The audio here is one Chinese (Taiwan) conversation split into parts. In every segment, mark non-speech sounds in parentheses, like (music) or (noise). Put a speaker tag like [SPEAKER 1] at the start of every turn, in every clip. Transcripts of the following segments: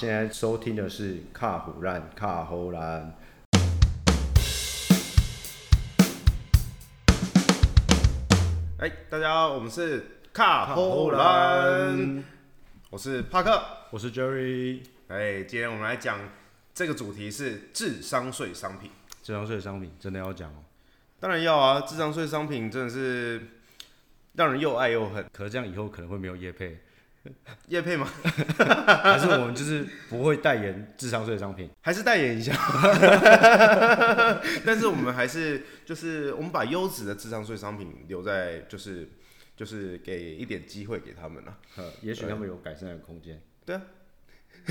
[SPEAKER 1] 現在收聽的是卡胡蘭，卡胡蘭。
[SPEAKER 2] Hey, 大家好，我們是卡胡蘭，我是帕克，我是 Jerry。哎、hey，今天我們來講這個主題是智商稅商品。
[SPEAKER 1] 智商稅商品真的要講哦、喔，
[SPEAKER 2] 當然要啊！智商稅商品真的是讓人又愛又
[SPEAKER 1] 恨，可是這樣以後可能會沒有業配。業配嗎？ (laughs) 還是我們就是不會代言智商稅商品？還是代言一下？ (laughs) 但是我
[SPEAKER 2] 們還是就是我們把優質的智商稅商品留在就是，就是給一點機會給他們了、啊，也許他們有改善的空間。對啊，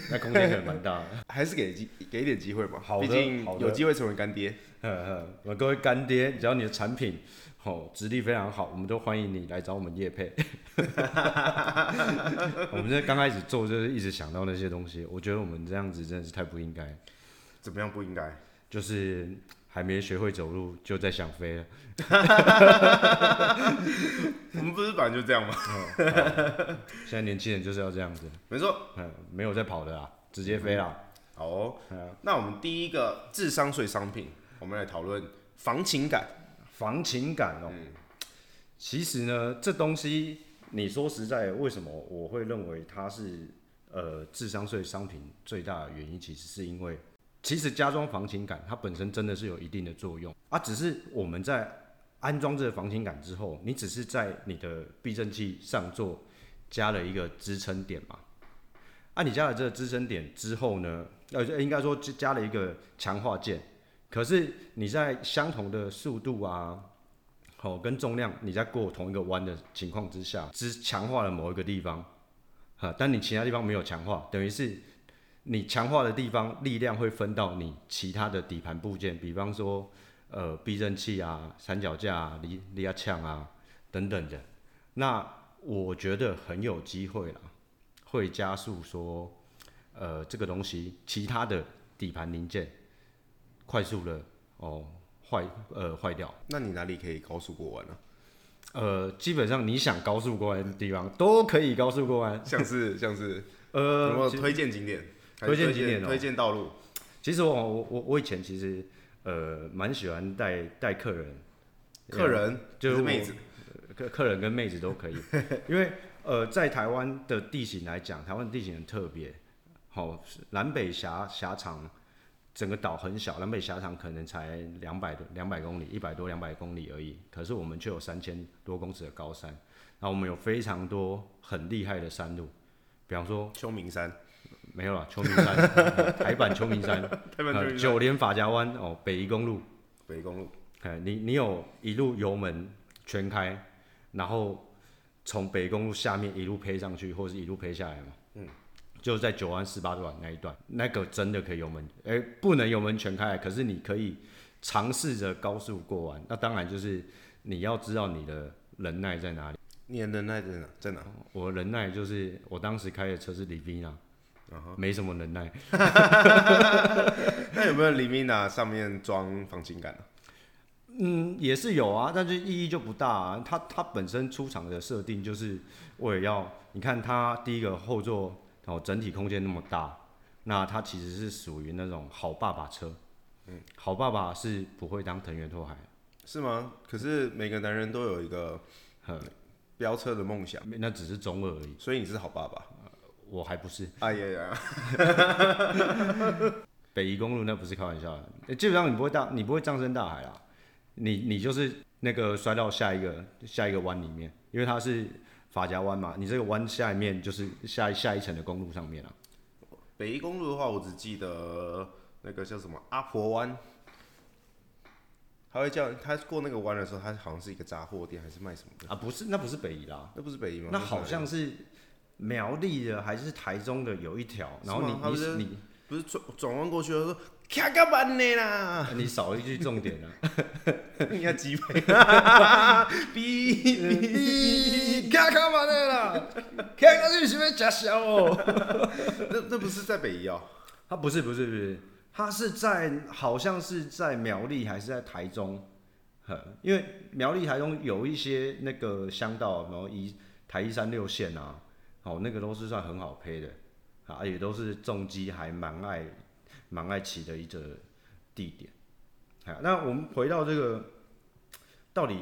[SPEAKER 2] 那空間還蠻大，
[SPEAKER 1] 還是給給一點機會吧。畢竟有機會成為乾爹。我嗯，各位乾爹，只要你的產品，哦、實力非常好，我們都歡迎你來找我們業配。 (laughs) 我們這剛開始做，就是一直想到那些東西，我覺得我們這樣子真的是太不應該。怎麼樣不應該？就是還沒學會走路就在想飛了。 (laughs) (laughs) 我們不是本來就這樣嗎？ (laughs) 嗯、現在年輕人就是要這樣子，沒錯、嗯。沒有在跑的啊，直接飛啦。嗯、好哦、
[SPEAKER 2] 嗯，那我們第一個智商稅商品，我們來討論
[SPEAKER 1] 防傾桿。防傾桿哦，其實呢，這東西你說實在，為什麼我會認為它是呃智商稅商品？最大的原因其實是因為，其實加裝防傾桿它本身真的是有一定的作用啊，只是我們在安裝這個防傾桿之後，你只是在你的避震器上座加了一個支撐點嘛，啊，你加了這個支撐點之後呢，呃，應該說加了一個強化件。可是你在相同的速度啊，好、哦、跟重量，你在過同一個彎的情況之下，只強化了某一個地方，啊，但你其他地方沒有強化，等於是你強化的地方力量會分到你其他的底盤部件，比方說呃避震器啊、三角架、啊、離離壓槍啊等等的。那我覺得很有機會啦，會加速說呃這個東西其他的底盤零件。快速的哦壞呃壞掉，那你哪裡可以高速過彎呢、啊？呃，基本上你想高速過彎的地方 (laughs) 都可以高速過彎，像是像是呃，我推薦景點，推薦景點、喔，推薦道路。其實我我我以前其實呃蠻喜歡帶帶客人，客人是就是、是妹子，客客人跟妹子都可以， (laughs) 因為呃在台灣的地形來講，台灣的地形很特別，好、哦、南北狹狹長。整個島很小，南北狹長，可能才兩百多、兩百公里，一百多、兩百公里而已。可是我們卻有三千多公尺的高山，然後我們有非常多很厲害的山路，比方說秋名山，沒有了，秋名， (laughs) 秋名山，台版秋名山，呃、九連法家灣哦，北宜公路，北宜公路，哎、嗯，你你有一路油門全開，然後從北宜公路下面一路爬上去，或是一路爬下來嘛？嗯。就在九彎十八轉那一段，那個真的可以油門，哎、欸，不能油門全開，可是你可以嘗試着高速過彎。那當然就是你要知道你的忍耐在哪裡。你的忍耐在哪？在哪？我的忍耐就是我當時開的車是 Livina，沒什麼忍耐。那有沒有 Livina 上面裝防傾桿？嗯，也是有啊，但是意義就不大，啊。它它本身出廠的設定就是我也要，你看它第一個後座。哦，整體空間那麼大，那它其實是屬於那種好爸爸車。嗯，好爸爸是不會當藤原拓海。
[SPEAKER 2] 是嗎？可是每個男人都有一個，飆車的
[SPEAKER 1] 夢想。那只是中二而已。所以你是好爸爸？呃、我還不是。哎呀呀！ (laughs) (laughs) 北宜公路那不是開玩笑的，的、欸。基本上你不會大，你不會葬身大海啊。你你就是那個摔到下一個下一個彎裡面，因為它是。髮夾彎嘛，你這個彎下一面就是下一下一層的公路上面啊。
[SPEAKER 2] 北宜公路的話，我只記得那個叫什麼阿婆灣，他會叫他過那個彎的時候，他好像是一個雜貨店還是賣什麼的啊？不是，那不是北宜啦、啊，那不
[SPEAKER 1] 是北宜嗎？那好像是苗栗的還是台中的有一條，然後你你你不是轉轉彎過去的時候卡卡班的啦，你少一句重點啦、啊，
[SPEAKER 2] 人家雞排，嗶嗶卡
[SPEAKER 1] 卡班的啦，卡卡班是不是駕校哦？那那不是在北宜哦、喔，他不是不是不是，他是，是，是在好像是在苗栗還是在台中、嗯，因為苗栗台中有一些那個鄉道，然後台一三六線啊，哦，那個都是算很好配的啊，也都是重機還蠻愛。蠻愛騎的一個地點，好，那我們回到這個，到底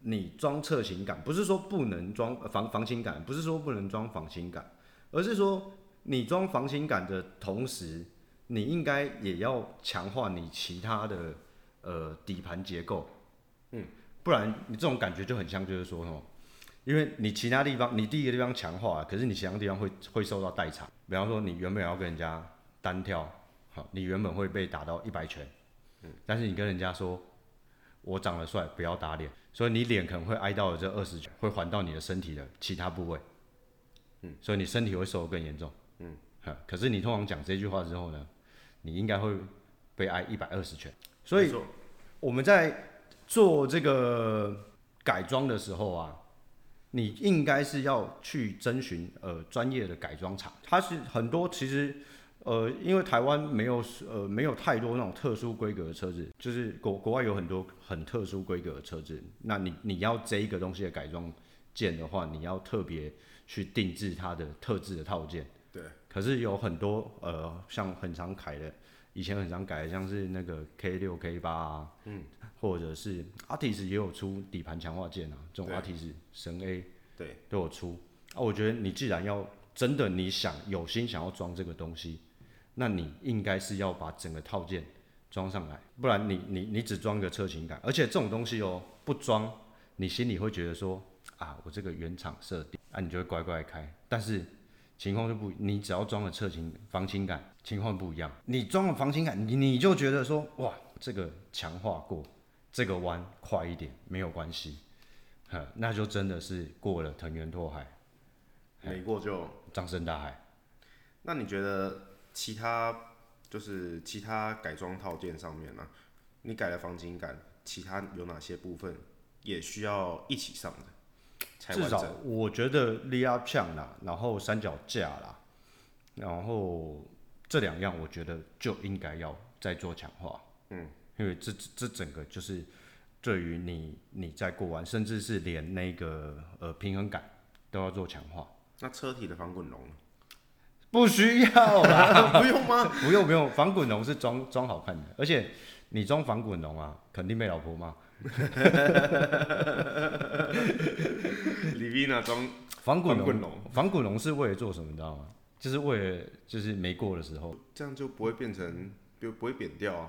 [SPEAKER 1] 你裝側傾桿，不是說不能裝防防傾桿，不是說不能裝防傾桿，而是說你裝防傾桿的同時，你應該也要強化你其他的呃底盤結構，嗯，不然你這種感覺就很像就是說哦，因為你其他地方你第一個地方強化，可是你其他地方會會受到代償，比方說你原本要跟人家單挑。好，你原本會被打到一百拳，嗯，但是你跟人家說，我長得帥，不要打臉，所以你臉可能會挨到這二十拳，會還到你的身體的其他部位，嗯，所以你身體會受得更嚴重，嗯，可是你通常講這句話之後呢，你應該會被挨一百二十拳。所以我們在做這個改裝的時候啊，你應該是要去徵詢呃專業的改裝廠，它是很多其實。呃，因為台灣沒有呃沒有太多那種特殊規格的車子，就是國國外有很多很特殊規格的車子，那你你要這一個東西的改裝件的話，你要特別去定制它的特制的套件。對。可是有很多呃像很常改的，以前很常改的，像是那個 K6 K8 啊，嗯，或者是 Artist 也有出底盤強化件啊，這種 Artist 神 A，對,對，都有出。啊，我覺得你既然要真的你想有心想要裝這個東西。那你應該是要把整個套件裝上來，不然你你你只裝個側傾桿。而且這種東西哦、喔，不裝你心裡會覺得說啊，我這個原廠設定，啊，你就會乖乖開。但是情況就不，你只要裝了側傾防傾桿，情況不一樣。你裝了防傾桿，你你就覺得說哇，這個強化過，這個彎快一點沒有關係，呵，那就真的是過了藤原拓海，沒過就葬身、欸、大海。那你覺得？
[SPEAKER 2] 其他就是其他改裝套件上面呢、啊，你改了防傾桿，其他有哪些部分也需要一起上的才？至少
[SPEAKER 1] 我覺得力壓槍啦，然後三腳架啦，然後這兩樣我覺得就應該要再做強化。嗯，因為這這整個就是對於你你在過彎，甚至是連那個呃平衡感，都要做強化。
[SPEAKER 2] 那車體的防滾籠？
[SPEAKER 1] 不需要啦， (laughs) 不用嗎？不用不用，防滾籠是裝裝好看的，而且你裝防滾籠啊，肯定被老婆罵。李麗娜，裝防滾籠，防滾籠是為了做什麼？你知道嗎？就是為了就是沒過的時候，
[SPEAKER 2] 這樣就不會變成就不會扁掉啊。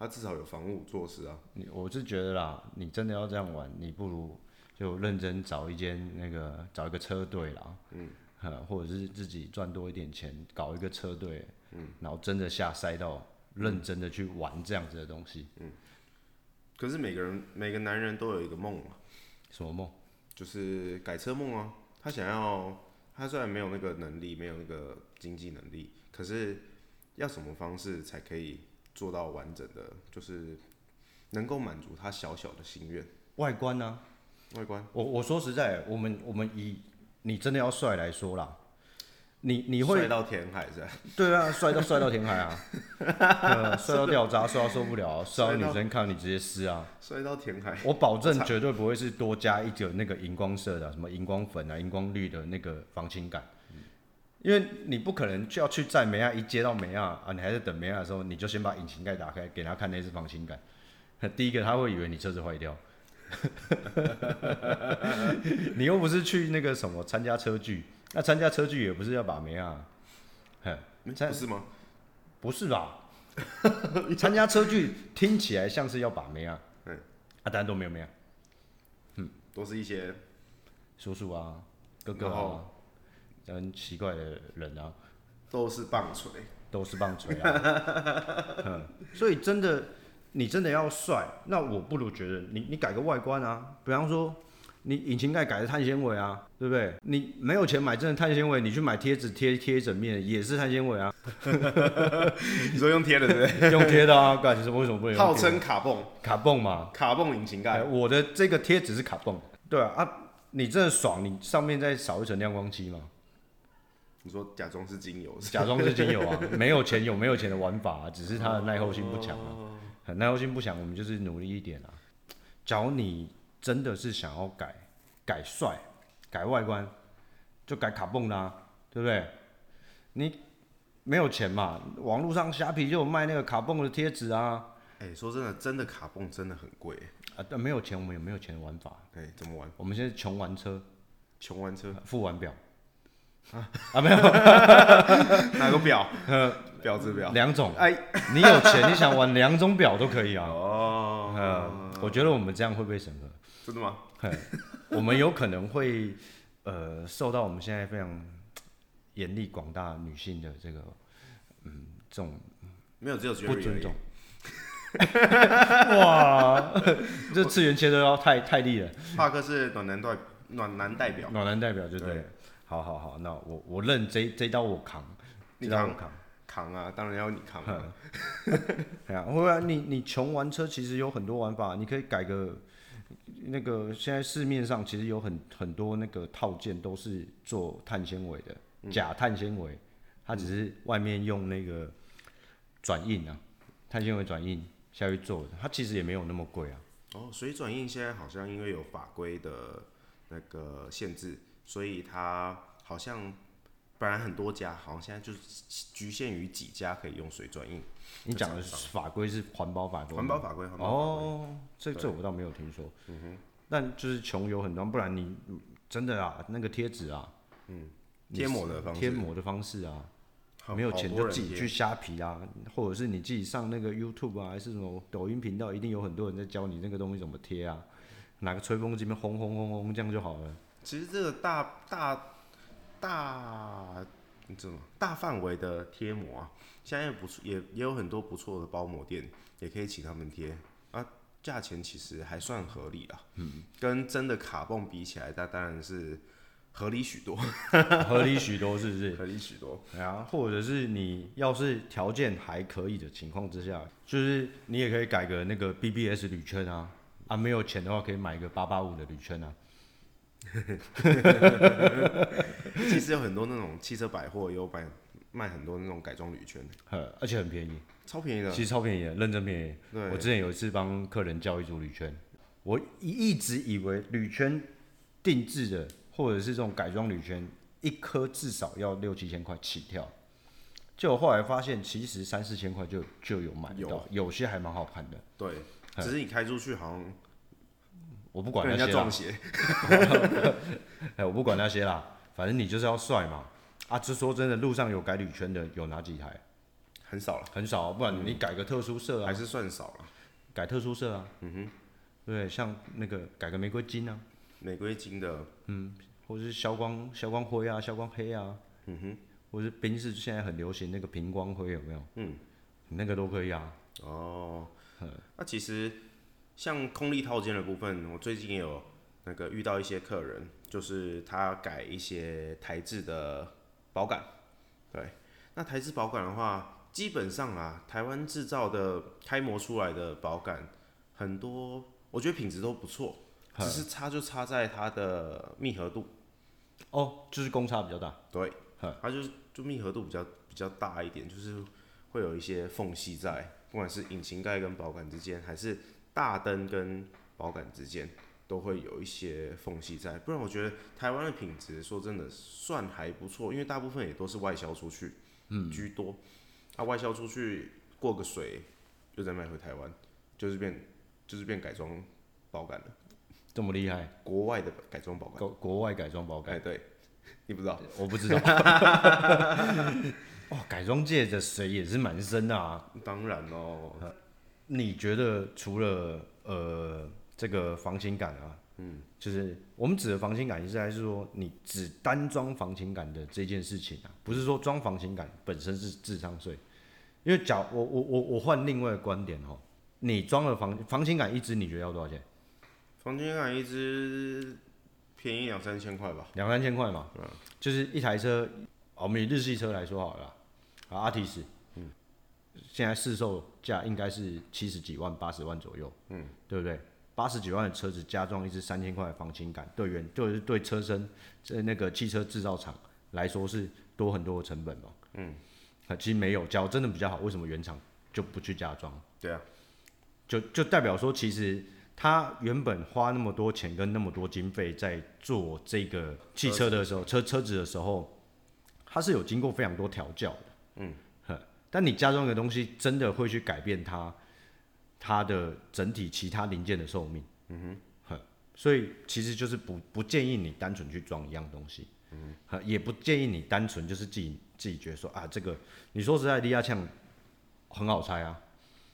[SPEAKER 2] 他至少有防護措施啊。
[SPEAKER 1] 你我是覺得啦，你真的要這樣玩，你不如就認真找一間那個找一個車隊啦。嗯。啊，或者是自己賺多一點錢，搞一個車隊，嗯，然後真的下賽道，認真的去玩這樣子的東西，嗯。
[SPEAKER 2] 可是每個人每個男人都有一個夢嘛，什麼夢？就是改車夢啊！他想要，他雖然沒有那個能力，沒有那個經濟能力，可是要什麼方式才可以做到完整的，就是能夠
[SPEAKER 1] 滿足他小小的心願。外觀呢、啊？外觀。我我說實在，我們我們以。你真的要帥來說啦，你你會到填海是，是對啊，帥到帥到填海啊，帥、 (laughs) 嗯、到掉渣，帥到受不了，帥到女生看你直接撕啊！
[SPEAKER 2] 帥到填海，我
[SPEAKER 1] 保證絕對不會是多加一點那個熒光色的，什麼熒光粉啊、熒光綠的那個防傾桿、嗯，因為你不可能就要去在梅亞一接到梅亞啊，你還在等梅亞的時候，你就先把引擎蓋打開給他看那支防傾桿，第一個他會以為你車子壞掉。 (laughs) 你又不是去那個什麼參加車聚，那參加車聚也不是要把妹啊，猜是嗎？不是吧？參 (laughs) 加車聚聽起來像是要把妹啊，嗯，阿、啊、但都沒有沒有嗯，都是一些叔叔啊、哥哥啊、很、嗯、奇怪的人啊，
[SPEAKER 2] 都是棒槌，
[SPEAKER 1] 都是棒槌啊， (laughs) 所以真的。你真的要帥，那我不如覺得你你改個外觀啊，比方說你引擎蓋改的碳纖維啊，對不對？你沒有錢買真的碳纖維，你去買貼紙貼貼一整面也是碳纖維啊。 (laughs) 你說用貼的對不對？ (laughs) 用貼的啊，感情是為什麼不用號稱卡蹦卡蹦嘛，卡蹦引擎蓋。我的這個貼紙是卡蹦，對啊啊，你真的爽，你上面再掃一層亮光漆嘛。你說
[SPEAKER 2] 假裝是金
[SPEAKER 1] 油，假裝是金油啊，沒有錢有沒有錢的玩法、啊，只是它的耐候性不強、啊。哦很耐心不想，我們就是努力一點啦、啊。假如你真的是想要改，改帥，改外觀，就改卡夢啦，對不對？你沒有錢嘛？網絡上蝦皮就有賣那個卡夢的貼紙啊。哎、欸，說真的，真的卡夢真的很貴、欸、啊。但沒有錢，我們有沒有錢的玩法？哎、欸，怎麼玩？我們現在窮玩車，窮玩車，富、啊、玩錶。啊啊沒有， (laughs) (laughs) 哪個表？呃、表子表兩、嗯、種。哎， (laughs) 你有錢，你想玩兩種表都可以啊。哦、呃嗯，我覺得我們這樣會不會審核？真的嗎？ (laughs) 我們有可能會呃受到我們現在非常嚴厲廣大女性的這個嗯這種沒有只有、Jerry、不尊重。哇，這 (laughs) 次元切割要太太厲了。帕克是暖男代表暖男代表，暖男代表就對。對好好好，那我我認這這刀我扛，你扛這刀我扛扛啊，當然要你扛嘛。 (laughs) 對啊，不然你你窮玩車，其實有很多玩法，你可以改個那個。現在市面上其實有很很多那個套件都是做碳纖維的、嗯，假碳纖維，它只是外面用那個轉印啊，碳纖維轉印下去做的，它其實也沒有那麼貴啊。
[SPEAKER 2] 哦，水轉印現在好像因為有法規的那個限制。所以他好像，不然很多家好像現在就是局限於幾
[SPEAKER 1] 家可以用水轉印。你講的法規是環保法規？環保法規，環保法規。哦，這這我倒沒有聽說。嗯哼。但就是窮有很多，不然你真的啊，那個貼紙啊，
[SPEAKER 2] 嗯，貼膜的貼膜的方式啊、嗯，沒有錢就自己去蝦
[SPEAKER 1] 皮啊，或者是你自己上那個 YouTube 啊，還是什麼抖音頻道，一定有很多人在教你那個東西怎麼貼啊，拿、嗯、個吹風機，面轟轟轟轟這樣就好了。其
[SPEAKER 2] 實這個大大大，大，你怎麼大範圍的貼膜啊？現在也不錯，也也有很多不錯的包膜店，也可以請他們貼啊。價錢其實還算合理啊，嗯，跟真的卡夢比起來，那當然是
[SPEAKER 1] 合理許多，合理許多 (laughs) 是不是？合理許多。對啊，或者是你要是條件還可以的情況之下，就是你也可以改個那個 BBS 鋁圈啊，啊，沒有錢的話可以買一個八八五的鋁圈啊。
[SPEAKER 2] (laughs) (laughs) 其實有很多那種汽車百貨有賣賣很多那種改裝鋁圈，
[SPEAKER 1] 而且很便宜，超便宜的，其實超便宜的，認真便宜。嗯，對我之前有一次幫客人叫一組鋁圈，我一直以為鋁圈定製的或者是這種改裝鋁圈，一顆至少要六七千塊起跳，結果，我後來發現其實三四千塊就就有買到，有，有些還蠻好看的。對，只是你開出去好像。我不管那些了。哎，我不管那些啦，反正你就是要帥嘛。啊，這說真的，路上有改鋁圈的有哪幾台？很少了，很少、啊。不然你改個特殊色、啊嗯、還是算少了，改特殊色啊。嗯哼，對，像那個改個玫瑰金啊，玫瑰金的。嗯，或者是消光、消光灰啊、消光黑啊。嗯哼，或是賓士。現在很流行那個平光灰有沒有？嗯，那個都可以啊。哦，那、嗯啊、其實。
[SPEAKER 2] 像空力套件的部分，我最近也有那個遇到一些客人，就是他改一些台制的保桿。對，那台制保桿的話，基本上啊，台灣製造的開模出來的保桿，很多我覺得品質都不錯，只是差就差在它的密合度。哦，就是公差比較大。對，它就是就密合度比較比較大一點，就是會有一些縫隙在，不管是引擎蓋跟保桿之間還是大燈跟保桿之間都會有一些縫隙在，不然我覺得台灣的品質說真的算還不錯，因為大部分也都是外銷出去，嗯，居多。他外銷出去過個水，又再賣回台灣，就是變就是變
[SPEAKER 1] 改裝保桿了，這麼厲害？國外的改裝保桿國？國外改裝保桿、欸？對，你不知道？我不知道。哇、 (laughs) (laughs) 哦，改裝界的水也是蠻深的啊。當然哦。你覺得除了呃這個防傾桿啊，嗯，就是我們指的防傾桿是還是說，你只單裝防傾桿的這件事情啊？不是說裝防傾桿本身是智商稅。因為假我我我我換另外的觀點哈，你裝了防防傾桿一支，你覺得要多少錢？
[SPEAKER 2] 防傾桿一支便宜兩三千塊吧，
[SPEAKER 1] 兩三千塊嘛，嗯，就是一台車，我們以日系車來說好了，啊，阿提斯。現在市售價應該是七十幾萬、八十萬左右，嗯，對不對？八十幾萬的車子加裝一支三千塊的防傾桿，對原就是對車身，在、就是、那個汽車製造廠來說是多很多的成本嘛，嗯，啊，其實沒有，假如真的比較好，為什麼原廠就不去加裝？對啊，就就代表說，其實他原本花那麼多錢跟那麼多經費在做這個汽車的時候，車車子的時候，他是有經過非常多調教的，嗯。但你加裝一個東西，真的會去改變它，它的整體其他零件的壽命。嗯哼，所以其實就是不不建議你單純去裝一樣東西，嗯，也不建議你單純就是自己自己覺得說啊，這個你說實在，力壓槍很好拆啊。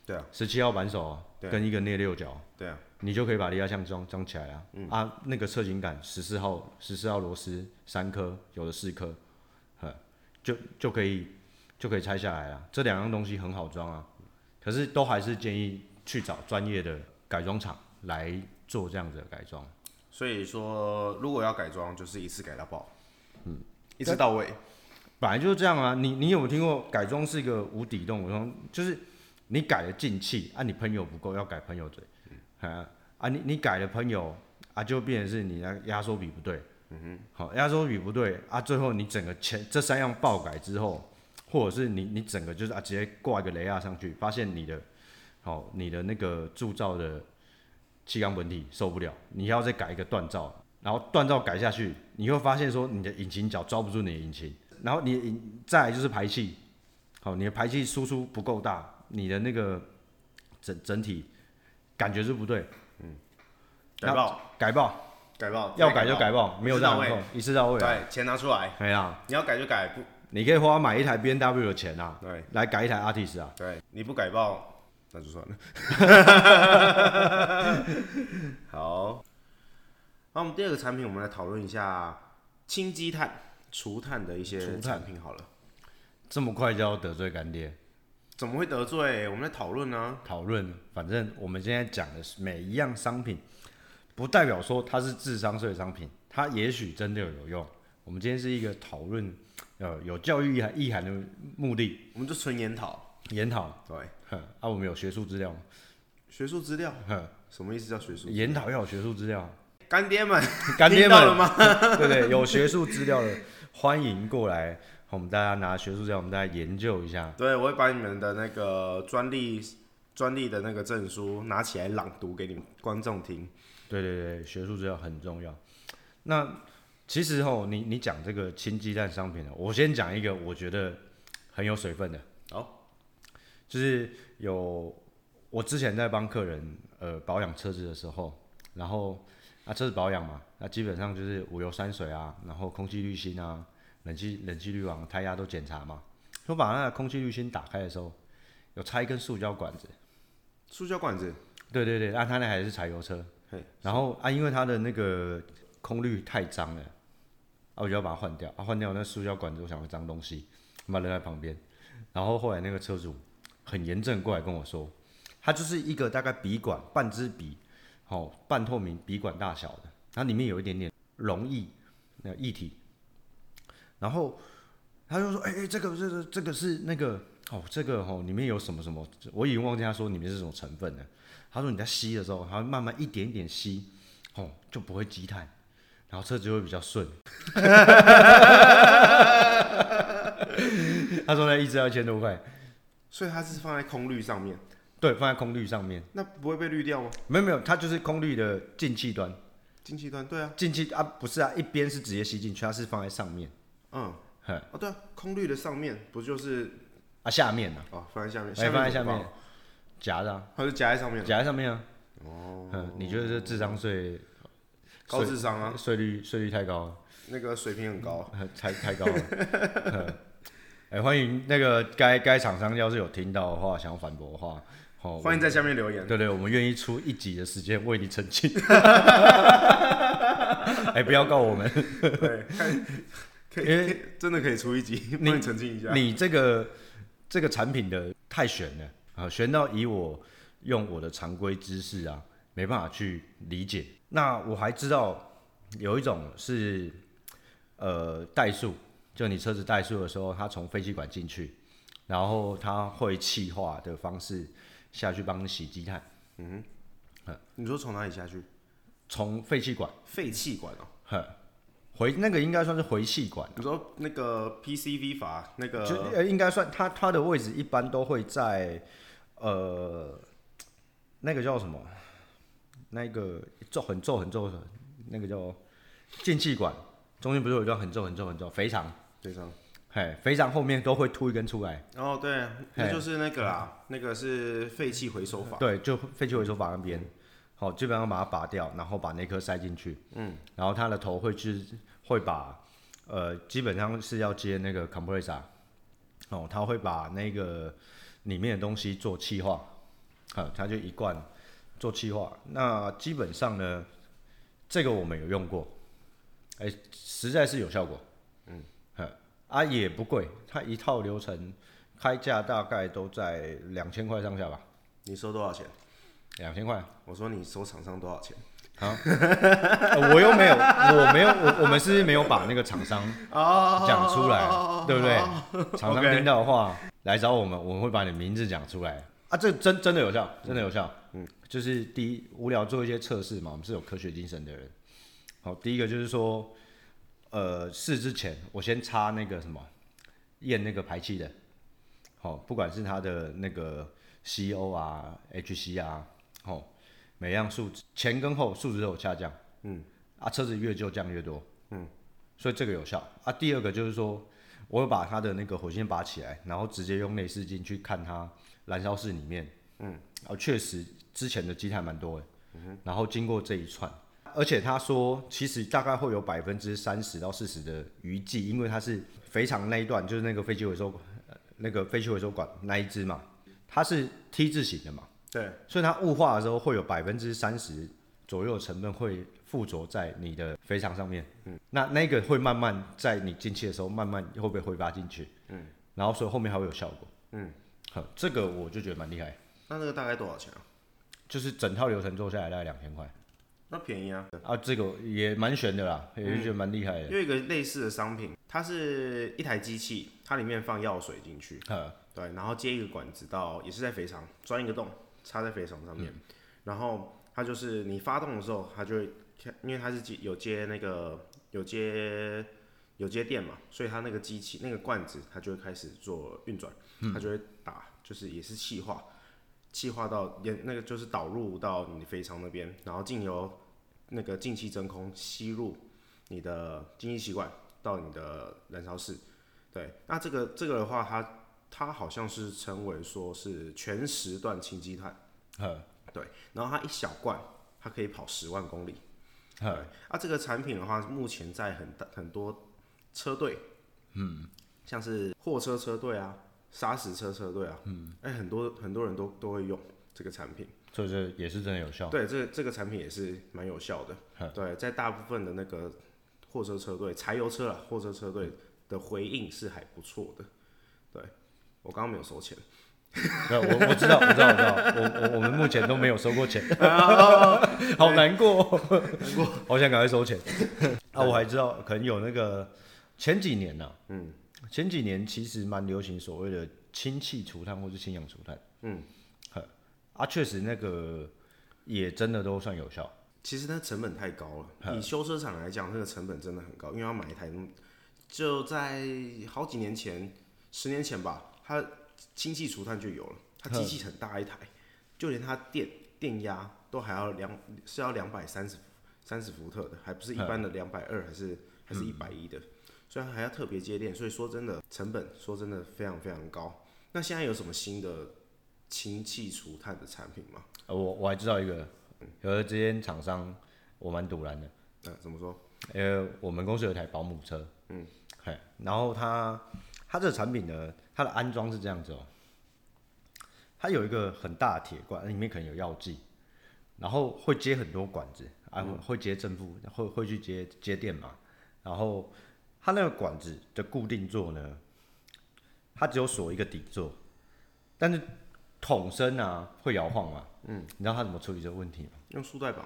[SPEAKER 1] 對、嗯、啊，十七號扳手啊，跟一個內六角，對、嗯、啊，你就可以把力壓槍裝裝起來啊，嗯，啊，那個側緊桿十四號十四號螺絲三顆，有的四顆，就就可以。就可以拆下來了。這兩樣東西很好裝啊，可是都還是建議去找專業的改裝廠來做這樣子的改裝。
[SPEAKER 2] 所以說，如果要改裝，就是一次改到
[SPEAKER 1] 爆，嗯，一次到位。本來就是這樣啊。你你有沒有聽過改裝是一個無底洞？我說就是你改了進氣啊，嗯、啊，你噴油不夠要改噴油嘴，啊啊你你改了噴油啊，就變成是你那壓縮比不對，嗯哼，好壓縮比不對啊，最後你整個前這三樣爆改之後，或者是你你整個就是啊直接掛一個雷亞上去，發現你的好、哦、你的那個鑄造的氣缸本體受不了，你要再改一個鍛造，然後鍛造改下去，你會發現說你的引擎腳抓不住你的引擎，然後你再來就是排氣，好、哦、你的排氣輸出不夠大，你的那個整整體感覺是不對，嗯，改爆、嗯、改爆
[SPEAKER 2] 改爆，要改就改爆，改爆改改爆改爆沒有讓位一
[SPEAKER 1] 次到位，位啊、對，錢拿出來，
[SPEAKER 2] 對啊，你要改就改不。
[SPEAKER 1] 你可以花買一台 BMW 的錢啊，對，來改一台 Artis 啊，對，你不改爆那就算
[SPEAKER 2] 了。 (laughs) (laughs) 好，那、啊、我們第二個產品，我們來討論一下清積碳除碳的一些產品。好了，這麼快就要得罪乾爹？
[SPEAKER 1] 怎麼會得罪？我們在討論呢，討論。反正我們現在講的是每一樣商品，不代表說它是智商稅商品，它也許真的有用。我們今天是一個討論。呃，有教育意涵、意涵的目的，我們就純研討，研討，對，哼，啊，我們有學術資料，學術資料，哼，什麼意思叫學術？研討要有學術資料，
[SPEAKER 2] 乾爹們，乾爹們對對，有學術資料的
[SPEAKER 1] (laughs) 歡迎過來，我們大家拿學術資料，我們大家研究一下。
[SPEAKER 2] 對，我會把你們的那個專利，專利的那個證書拿起來朗讀給你們
[SPEAKER 1] 觀眾聽。對對對，學術資料很重要。那。其實哦，你你講這個智商稅商品，我先講一個我覺得很有水分的。好，就是有我之前在幫客人呃保養車子的時候，然後那、啊、車子保養嘛，那、啊、基本上就是五油三水啊，然後空氣濾芯啊、冷氣冷氣濾網、胎壓都檢查嘛。說把那個空氣濾芯打開的時候，有插一根塑膠管子。塑膠管子？對對對，那、啊、他那台是柴油車。對，然後啊，因為他的那個空濾太髒了。啊、我就要把它換掉，換、啊、掉那塑膠管子，我想要髒東西，把它扔在旁邊。然後後來那個車主很嚴正過來跟我說，他就是一個大概筆管半支筆，哦，半透明筆管大小的，它裡面有一點點溶液那個、液體。然後他就說：“哎、欸、這個這個這個是那個哦，這個哦裡面有什麼什麼，我已經忘記他說裡面是什麼成分了。他說你在吸的時候，它慢慢一點點吸，哦就不會積碳。”然後車子就會比較順 (laughs) (laughs) 他說呢，一支要一千多塊，所以他是放在空濾上面，對，放在空濾上面，
[SPEAKER 2] 那不會被濾掉嗎？
[SPEAKER 1] 沒有沒有，他就是空濾的進氣端，
[SPEAKER 2] 進氣端，對啊，
[SPEAKER 1] 進氣啊，不是啊，一邊是直接吸進去，他是放在上面，嗯，
[SPEAKER 2] 嗯哦，對、啊，空濾的上面不就是啊下面嗎、啊？哦，放在下面，先、欸、放在下面夾、
[SPEAKER 1] 啊，夾着，他是夾在上面，夾在上面啊，哦，嗯、你覺得這智商稅？高智商啊！稅率稅率，率太高了，那個水平很高，嗯、太太高了。哎、 (laughs) 嗯欸，歡迎那個該該廠商要是有聽到的話，想要反駁的話，好、哦，歡迎在下面留言。對對，我們願意出一集的時間為你澄清。哎、 (laughs) (laughs) 欸，不要告我們。 (laughs) 對，可以，可以、欸、真的可以出一集幫你澄清一下。你，你這個這個產品的太玄了啊，玄到以我用我的常規知識啊，沒辦法去理解。那我還知道有一種是，呃，怠速，就你車子怠速的時候，它從廢氣管進去，然後它會氣化的方式下去幫你洗積碳。嗯哼，呵你說從哪裡下去？從廢氣管？廢氣管哦、喔，呵，回那個應該算是回氣管。
[SPEAKER 2] 你說那個 PCV 閥那個，呃，
[SPEAKER 1] 應該算它它的位置一般都會在，呃，那個叫什麼？那個皺很皺很皺，那個叫進氣管，中間不是有一段很皺很皺很皺，肥腸，肥腸，嘿，肥腸後面都會凸一根出來。
[SPEAKER 2] 哦，對，那就是那個啦，那個是廢氣回收閥，對，
[SPEAKER 1] 就廢氣回收閥那邊，好、嗯哦，基本上把它拔掉，然後把那顆塞進去。嗯，然後它的頭會去，會把，呃，基本上是要接那個 compressor，哦，他會把那個裡面的東西做氣化，啊、嗯，他就一罐。做氣化，那基本上呢，這個我們有用過，哎、欸，實在是有效果，嗯，啊也不貴，它一套流程開價大概都在兩千塊上下吧。你收多少錢？兩千塊。我說你收廠商多少錢？好、啊 (laughs) 啊，我又沒有，我沒有，我我們是，是沒有把那個廠商講出來， (laughs) 對不對？廠、oh, oh, oh, oh, oh, oh. 商聽到的話、okay. 來找我們，我們會把你名字講出來。 (laughs) 啊，這真真的有效，真的有效，嗯。嗯就是第一無聊做一些測試嘛，我們是有科學精神的人。好、哦，第一個就是說，呃，試之前我先插那個什麼，驗那個排氣的。好、哦，不管是它的那個 CO 啊、HC 啊，好、哦，每樣數值前跟後數值都有下降。嗯。啊，車子越舊降越多。嗯。所以這個有效。啊，第二個就是說，我會把它的那個火星拔起來，然後直接用內視鏡去看它燃燒室裡面。嗯。啊，確實。之前的積碳蠻多的，然後經過這一串，而且他說其實大概會有百分之三十到四十的餘劑，因為它是肥腸那一段，就是那個廢氣回收、呃、那個廢氣回收管那一支嘛，它是 T 字形的嘛，對，所以它霧化的時候會有百分之三十左右的成分會附着在你的肥腸上面，嗯，那那個會慢慢在你進氣的時候慢慢會被揮发進去，嗯，然後所以後面還會有效果，嗯，好，這個我就覺得蠻厲害，
[SPEAKER 2] 那那個大概多少錢啊？
[SPEAKER 1] 就是整套流程做下來大概兩千塊，那便宜啊！啊，這個也蠻懸的啦，嗯、也覺得蠻厲害的。因為有
[SPEAKER 2] 一個類似的商品，它是一台機器，它裡面放藥水進去，對，然後接一個管子到，也是在肥腸鑽一個洞，插在肥腸上面、嗯，然後它就是你發動的時候，它就會，因為它是接有接那個有接有接電嘛，所以它那個機器那個罐子它就會開始做運轉、嗯，它就會打，就是也是氣化。氣化到煙，那個就是導入到你肥腸那邊，然後經由那個進氣真空吸入你的進氣歧管到你的燃燒室，對，那這個這個的話，它它好像是稱為說是全時段清積碳，嗯，對，然後它一小罐它可以跑十萬公里，嗯，啊，這個產品的話，目前在很大很多車隊，嗯，像是貨車車隊啊。砂石車車隊啊，嗯，哎、欸，很多很多人都都會用這個產品，
[SPEAKER 1] 所以這也是真的有效。對，
[SPEAKER 2] 這這個產品也是蠻有效的、嗯。對，在大部分的那個貨車車隊，柴油車啊、貨車車隊的回應是還不錯的。對我剛剛沒有收錢，
[SPEAKER 1] 嗯、我我知道，我知道，我知道，我知道 (laughs) 我我們目前都沒有收過錢， (laughs) 好難過、喔， (laughs) 難過，好想趕快收錢 (laughs) 啊！我還知道，可能有那個前幾年呢、啊，嗯。前幾年其實蠻流行所謂的氫氣除碳或是氫氧除碳，嗯，啊，確實那個也真的都
[SPEAKER 2] 算有效。其實它成本太高了，以修車廠來講，這個成本真的很高，因為要買一台，就在好幾年前，十年前吧，它氫氣除碳就有了，它機器很大一台，就連它電電壓都還要兩是要兩百三十三十伏特的，還不是一般的兩百二，還是還是一百一的。嗯雖然還要特別接電，所以說真的成本，說真的非常非常高。那現在有什麼新的氫氣除碳的產品嗎？
[SPEAKER 1] 呃，我我還知道一個，有的這些廠商，我蠻賭爛的。嗯、啊，怎麼說？呃，我們公司有台保母車，嗯，嘿，然後它它這個產品呢，它的安裝是這樣子哦、喔，它有一個很大的鐵罐，裡面可能有藥劑，然後會接很多管子，安、嗯啊、會接正負，會會去接接電嘛，然後。它那個管子的固定座呢，它只有鎖一個底座，但是桶身啊會搖晃嘛，嗯，你知道它怎麼處理這個問題嗎？用束帶綁，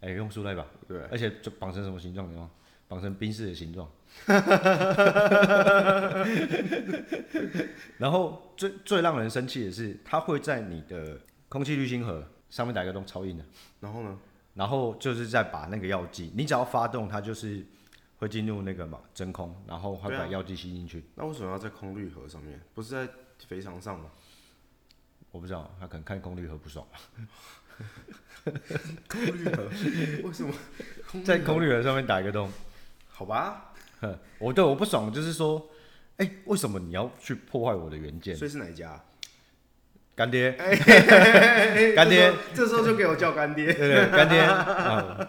[SPEAKER 1] 哎、欸，用束帶綁，對，而且就綁成什麼形狀你知道嗎？綁成賓士的形狀，哈哈哈哈哈哈哈哈哈哈哈哈。然後最最讓人生氣的是，它會在你的空氣濾芯盒上面打一個洞，超硬的。然後呢？然後就是再把那個藥劑，你只要發動它就是。會進入那個嘛真空，然後會把藥劑吸進去、啊。
[SPEAKER 2] 那為什麼要在空濾盒上面？不是在肥腸上嗎？
[SPEAKER 1] 我不知道，他可能看空濾盒不爽。 (laughs) 空濾濾盒 (laughs) 為什麼？空濾在空濾盒上面打一個洞？好吧。我對我不爽，就是說，哎、欸，為什麼你要去破壞我的原件？所以是哪一家？乾爹。乾、欸欸欸欸欸、爹，這這時候就給我叫乾爹。乾 (laughs) 爹。 (laughs) 啊、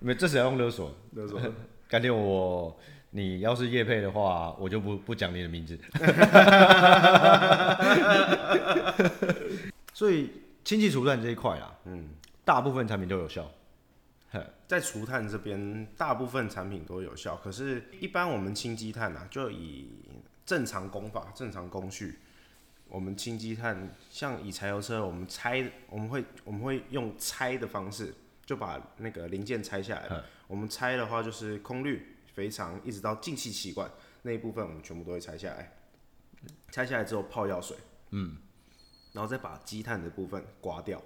[SPEAKER 1] 沒，這是要用勒索。 (laughs) 乾爹，我你要是業配的話，我就不不講你的名字。 (laughs) (laughs) (laughs) (laughs) 所以氫氣除碳這一塊啊，嗯，大部分產品都有效。
[SPEAKER 2] (laughs) 在除碳這邊，大部分產品都有效。可是，一般我們清積碳啊，就以正常工法、正常工序，我們清積碳像以柴油車，我們拆，我們會我們會用拆的方式，就把那個零件拆下來。 (laughs) 我們拆的話，就是空濾、肥腸，一直到進氣歧管那一部分，我們全部都會拆下來。拆下來之後泡藥水，嗯，然後再把積碳的部分刮掉，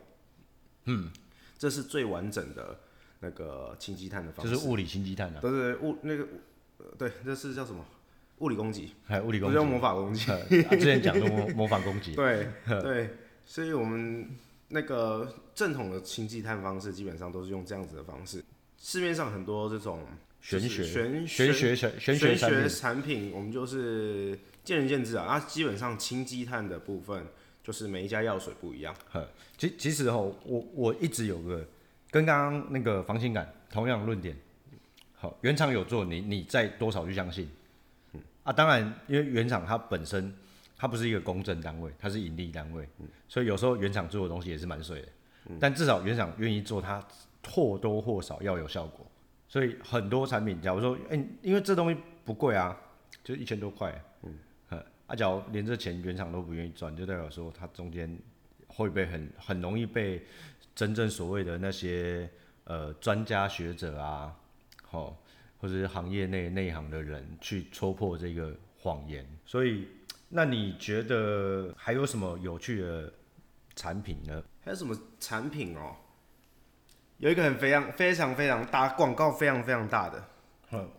[SPEAKER 2] 嗯，這是最完整的那個清積碳的方式，這是物理清積碳、啊，都是物那個對，這是叫什麼物理攻擊？還物理攻擊？用魔法攻擊？啊、 (laughs) 之前講的魔魔法攻擊，對 (laughs) 對，所以我們那個正統的清積碳方式，基本上都是用這樣子的方式。市面上很多這種玄學、玄學玄學、玄學玄學玄學產品，我們就是見仁見智啊。那、啊、基本上清積碳的部分，
[SPEAKER 1] 就是每一家藥水不一樣。其其實吼，我我一直有個跟剛剛那個防心感同樣論點。好、嗯，原廠有做，你你再多少去相信？啊，當然，因為原廠它本身它不是一個公正單位，它是盈利單位，所以有時候原廠做的東西也是蠻水的。但至少原廠願意做它。或多或少要有效果，所以很多產品，假如說，哎、欸，因為這東西不貴啊，就一千多塊，嗯，啊，假如連這錢原廠都不願意賺，就代表說它中間會被很，很容易被真正所謂的那些呃專家學者啊，哦、或者是行業內內行的人去戳破這個謊言。所以，那你覺得還有什麼有趣的產品呢？還有什麼產品哦？有一個
[SPEAKER 2] 很非常非常非常大廣告，非常非常大的，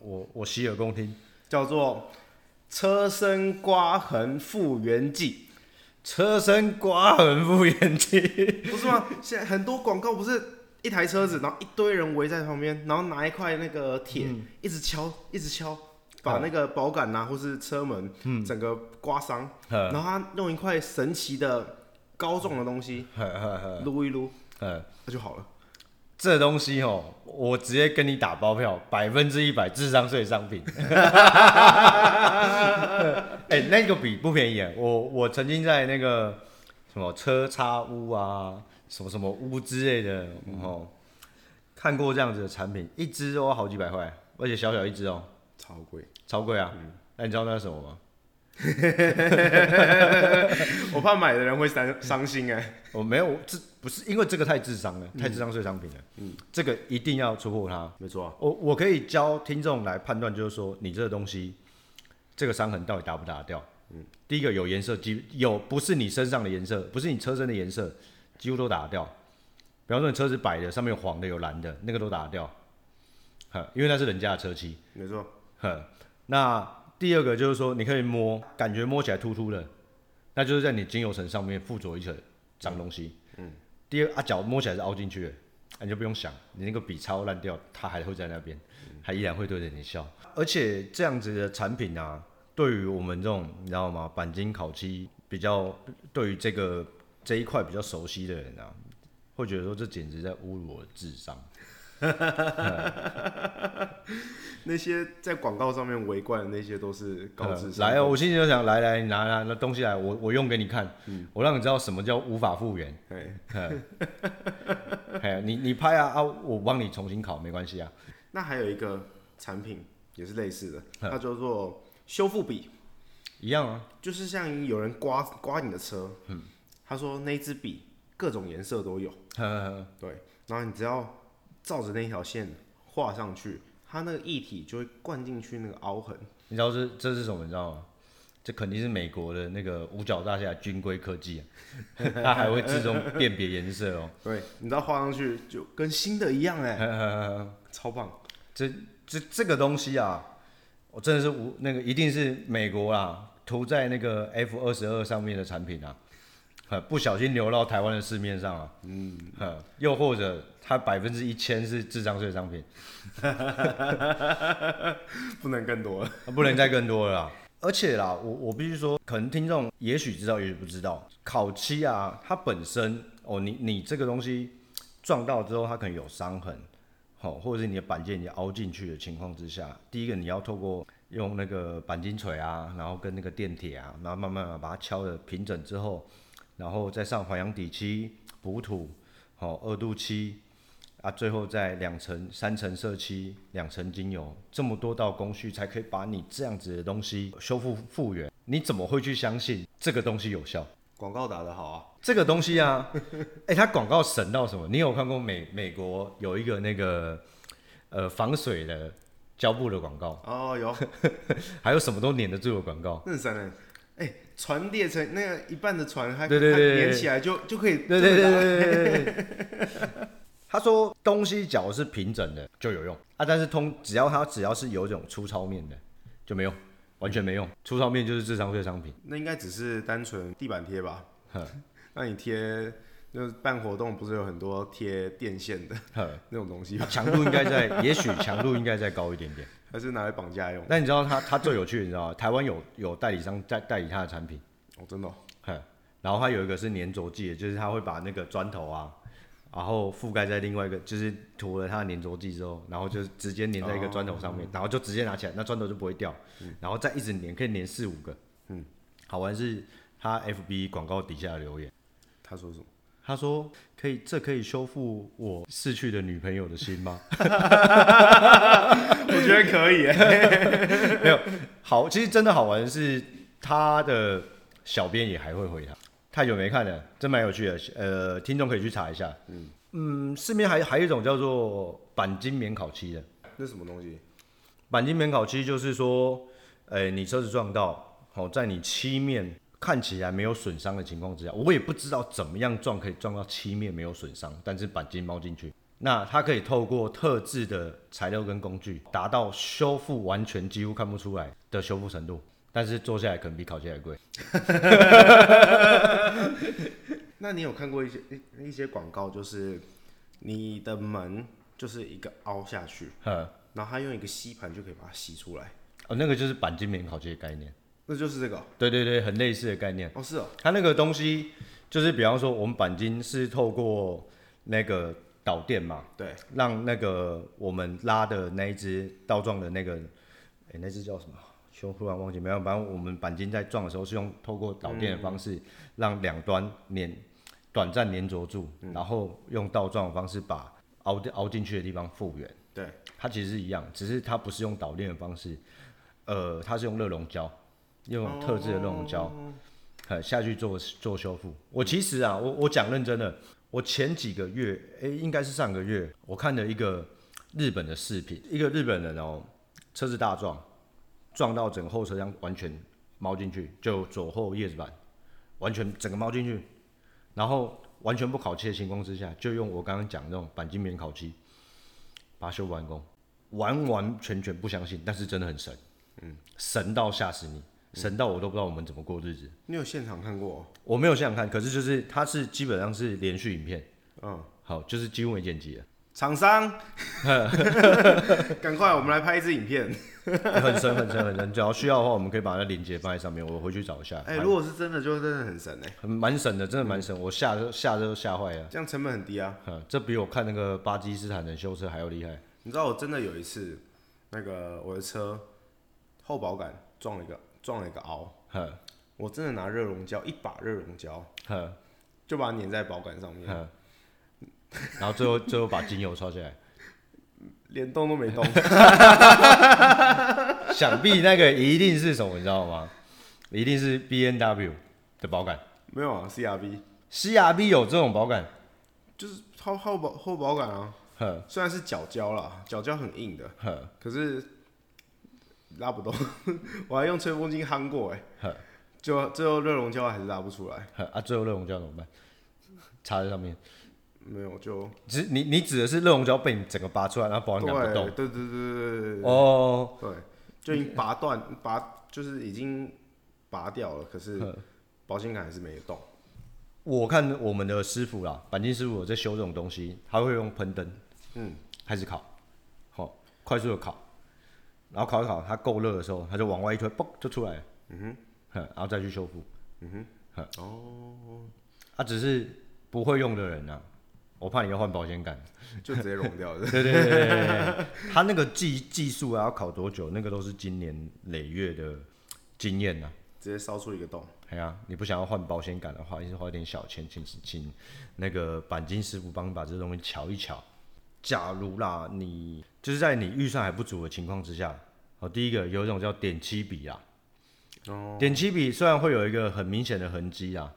[SPEAKER 2] 我我洗耳恭聽，叫做車身刮痕復原劑，車
[SPEAKER 1] 身刮痕復原劑，不
[SPEAKER 2] 是嗎？現在很多廣告不是一台車子，然後一堆人圍在旁邊，然後拿一塊那個鐵，一直敲一直敲，把那個保桿啊或是車門，整個刮傷，然後他用一塊神奇的膏狀的東西，呵擼一擼，
[SPEAKER 1] 嗯，那就好了。這東西哦，我直接跟你打包票，百分之一百智商稅商品。 (laughs) (laughs) (laughs) 欸、那個筆不便宜啊，我我曾經在那個什麼車叉屋啊，什麼什麼屋之類的，然、嗯、後、哦、看過這樣子的產品，一支哦好幾百塊，而且小小一支哦，超貴，超貴啊、嗯！那你知道那是什麼嗎？
[SPEAKER 2] (laughs) (laughs)
[SPEAKER 1] (laughs) 我怕買的人會傷傷心哎、欸嗯， (laughs) 我沒有，這不是因為這個太智商了，太智商稅商品了。嗯，這個一定要出貨。它。沒錯、啊，我我可以教聽眾來判斷，就是說你這個東西，這個傷痕到底打不打得掉？嗯，第一個有顏色，幾有不是你身上的顏色，不是你車身的顏色，幾乎都打得掉。比方說你車子白的，上面有黃的有藍的，那個都打得掉。呵，因為那是人家的車漆。沒錯。呵，那。第二個就是說，你可以摸，感覺摸起來突突的，那就是在你精油層上面附着一層髒東西。嗯嗯。第二啊，腳摸起來是凹進去的，你就不用想，你那個筆超爛掉，它還會在那邊，還依然會對着你笑。嗯。而且這樣子的產品啊，對於我們這種你知道嗎，鈑金烤漆比較對於這個這一塊比較熟悉的人啊，會覺得說這簡直在侮辱我的智商。 (laughs)
[SPEAKER 2] (laughs) (laughs) 那些在廣告上面圍觀的那些都是高智商、 (laughs) 喔。來我
[SPEAKER 1] 心裡就想來來，拿拿那東西來，我我用給你看、嗯，我讓你知道什麼叫無法復原。對，哎，你你拍啊啊，我幫你重新考，沒關係啊。那還有一個產品也是類似的，它叫
[SPEAKER 2] 做修復筆， (laughs) 一樣啊，就是像有人刮刮你的車， (laughs) 他說那支筆各種顏色都有， (laughs) 對，然後你只要。照着那條線畫上去，它那個液體就會灌進去那個凹痕。
[SPEAKER 1] 你知道這是這是什麼？你知道嗎？這肯定是美國的那個五角大廈軍規科技、啊， (laughs) 它還會自動辨別顏色哦。對，
[SPEAKER 2] 你知道畫上去就跟新的一
[SPEAKER 1] 樣哎， (laughs) 超棒。這這這個東西啊，我真的是無那個一定是美國啊，塗在那個 F 二十二上面的產品啊。呃，不小心流到台灣的市面上了。嗯，呃，又或者它百分之一千是智商稅商品， (laughs) 不能更多了，不能再更多了。 (laughs) 而且啦，我我必須說，可能聽眾也許知道，也許不知道，烤漆啊，它本身哦，你你這個東西撞到之後，它可能有傷痕，好、哦，或者是你的板件已經凹進去的情況之下，第一個你要透過用那個鈑金錘啊，然後跟那個電鐵啊，然後慢慢把它敲得平整之後。然後再上環氧底漆、補土、好、哦、二度漆啊，最後再兩層、三層色漆、兩層精油，這麼多道工序才可以把你這樣子的東西修復復原。你怎麼會去相信這個東西有效？廣告打得好啊，這個東西啊， (laughs) 誒，它廣告省到什麼？你有看過美美國有一個那個呃防水的膠布的廣告？哦，有， (laughs) 還有什麼都粘得住的廣告，
[SPEAKER 2] 船裂成那個一半的船還，還對，對對對，連起來就對對對對就，就可以。對對對對對，對。
[SPEAKER 1] (laughs) 他說東西腳是平整的就有用啊，但是通只要它只要是有這種粗糙面的就沒用，完全沒用。粗糙面就是智商稅商品。
[SPEAKER 2] 那應該只是單純地板貼吧？ (laughs) 那你貼。就是辦活動不是有很多貼電線的那種
[SPEAKER 1] 東西嗎？強度應該在， (laughs) 也許強度應該再高一點點。
[SPEAKER 2] 還是拿來綁架用？
[SPEAKER 1] 但你知道它， (laughs) 它最有趣，你知道嗎？台灣有有代理商在代理它的產品。哦，真的、哦。然後它有一個是粘着劑，就是他會把那個磚頭啊，然後覆蓋在另外一個，就是塗了它的粘着劑之後，然後就直接粘在一個磚頭上面、哦嗯，然後就直接拿起來，那磚頭就不會掉。嗯、然後再一直粘，可以粘四五個。嗯，好玩是它 FB 廣告底下的留言，他說什麼？他說：“可以，這可以修復我逝去的女朋友的心嗎？”
[SPEAKER 2] (laughs) (laughs) 我覺得可以。 (laughs) (laughs) 沒有
[SPEAKER 1] 好，其實真的好玩的是，他的小編也還會回他。太久沒看了，真蠻有趣的。呃，聽眾可以去查一下。嗯嗯，市面還還有一種叫做鈑金免烤漆的，那什麼東西？鈑金免烤漆就是說，欸，你車子撞到，好、哦，在你漆面。看起來沒有損傷的情況之下，我也不知道怎麼樣撞可以撞到漆面沒有損傷，但是鈑金凹進去，那它可以透過特制的材料跟工具達到修復完全幾乎看不出來的修復程度，但是做下來可能比烤漆還貴。 (laughs) (laughs)
[SPEAKER 2] (laughs) (laughs) 那你有看過一些一一些廣告，就是你的門就是一個凹下去，然後它用一個吸盤就可以把它吸出來，
[SPEAKER 1] 哦，那個就是鈑金免烤漆的概念。這就是這個、哦，對對對，很類似的概念。哦，是哦。它那個東西就是，比方說我們钣金是透過那個導電嘛，對，讓那個我們拉的那一隻倒撞的那個，哎，那隻叫什麼？我忽然忘記，沒辦法。我們钣金在撞的時候是用透過導電的方式，嗯嗯，讓兩端連短暫連着住、嗯，然後用倒撞的方式把凹凹進去的地方復原。對，它其實是一樣，只是它不是用導電的方式，呃，它是用熱熔膠。用特製的那種膠，呃、
[SPEAKER 2] oh.
[SPEAKER 1] 嗯、下去做做修復。我其實啊，我我講認真的，我前幾個月，哎、欸，應該是上個月，我看了一個日本的視頻，一個日本人哦，車子大撞，撞到整個後車廂完全貓進去，就左後葉子板完全整個貓進去，然後完全不烤漆的情況之下，就用我剛剛講那種鈑金免烤漆，把它修完工，完完全全不相信，但是真的很神，嗯，神到嚇死你。神到我都不知道我們怎麼過日子。
[SPEAKER 2] 嗯、你有現場看過？
[SPEAKER 1] 我沒有現場看，可是就是它是基本上是連續影片。嗯，好，就是幾乎沒剪輯了。廠商，
[SPEAKER 2] 趕 (laughs) (laughs) 快我們來拍一支影片。 (laughs) 欸、很神很神
[SPEAKER 1] 很神，只要需要的話，我們可以把那鏈接放在上面，我回去找一下。哎、欸，如果
[SPEAKER 2] 是真的，就真的很神哎、
[SPEAKER 1] 欸，很蠻神的，真的蠻神的，我嚇嚇嚇都嚇壞了。這樣成本很低啊、嗯。這比我看那個巴基斯坦人修車還要厲害。
[SPEAKER 2] 你知道我真的有一次，那個我的車後保桿撞了一個。撞了一個凹，我真的拿熱熔膠一把熱熔膠，就把它粘在保桿上面，
[SPEAKER 1] 然後最後最後把金油刷起來，
[SPEAKER 2] (laughs) 連動都沒動， (laughs) (laughs) 想必那
[SPEAKER 1] 個一定是什麼，你知道嗎？一定是 B N W 的保桿，沒有啊 C R
[SPEAKER 2] B，C
[SPEAKER 1] R B 有這種保桿，
[SPEAKER 2] 就是後後保後保桿啊，雖然是角膠啦，角膠很硬的，可是。拉不動， (laughs) 我還用吹風機夯過哎，就最後熱熔膠還是拉不出來。
[SPEAKER 1] 啊，最後熱熔膠怎麼辦？插在上面？沒有，就其實你你指的是熱熔膠被你整個拔出來，然後保險桿不動。
[SPEAKER 2] 對對對對對。哦。對，就已經拔斷，拔就是已經拔掉了，可是保險桿還是沒有動。
[SPEAKER 1] 我看我們的師傅啦，鈑金師傅在修這種東西，他會用噴燈，嗯，開始烤，好、嗯，快速的烤。然後烤一烤，它夠熱的時候，它就往外一推，嘣就出來了。嗯哼，然後再去修復。嗯哼，哦，他、啊、只是不會用的人啊。我怕你要換保險桿，就直接融掉是是 (laughs) 對對他 (laughs) 那個技技術要、啊、烤多久？那個都是今年累月的經驗吶、
[SPEAKER 2] 啊。直接燒出一個洞、
[SPEAKER 1] 啊。你不想要換保險桿的話，還是花一點小錢，請請那個鈑金師傅幫你把這東西瞧一瞧。假如啦，你就是在你預算還不足的情況之下，好、哦，第一個有一種叫點漆筆啊，
[SPEAKER 2] 哦、oh，
[SPEAKER 1] 點漆筆雖然會有一個很明顯的痕迹啊，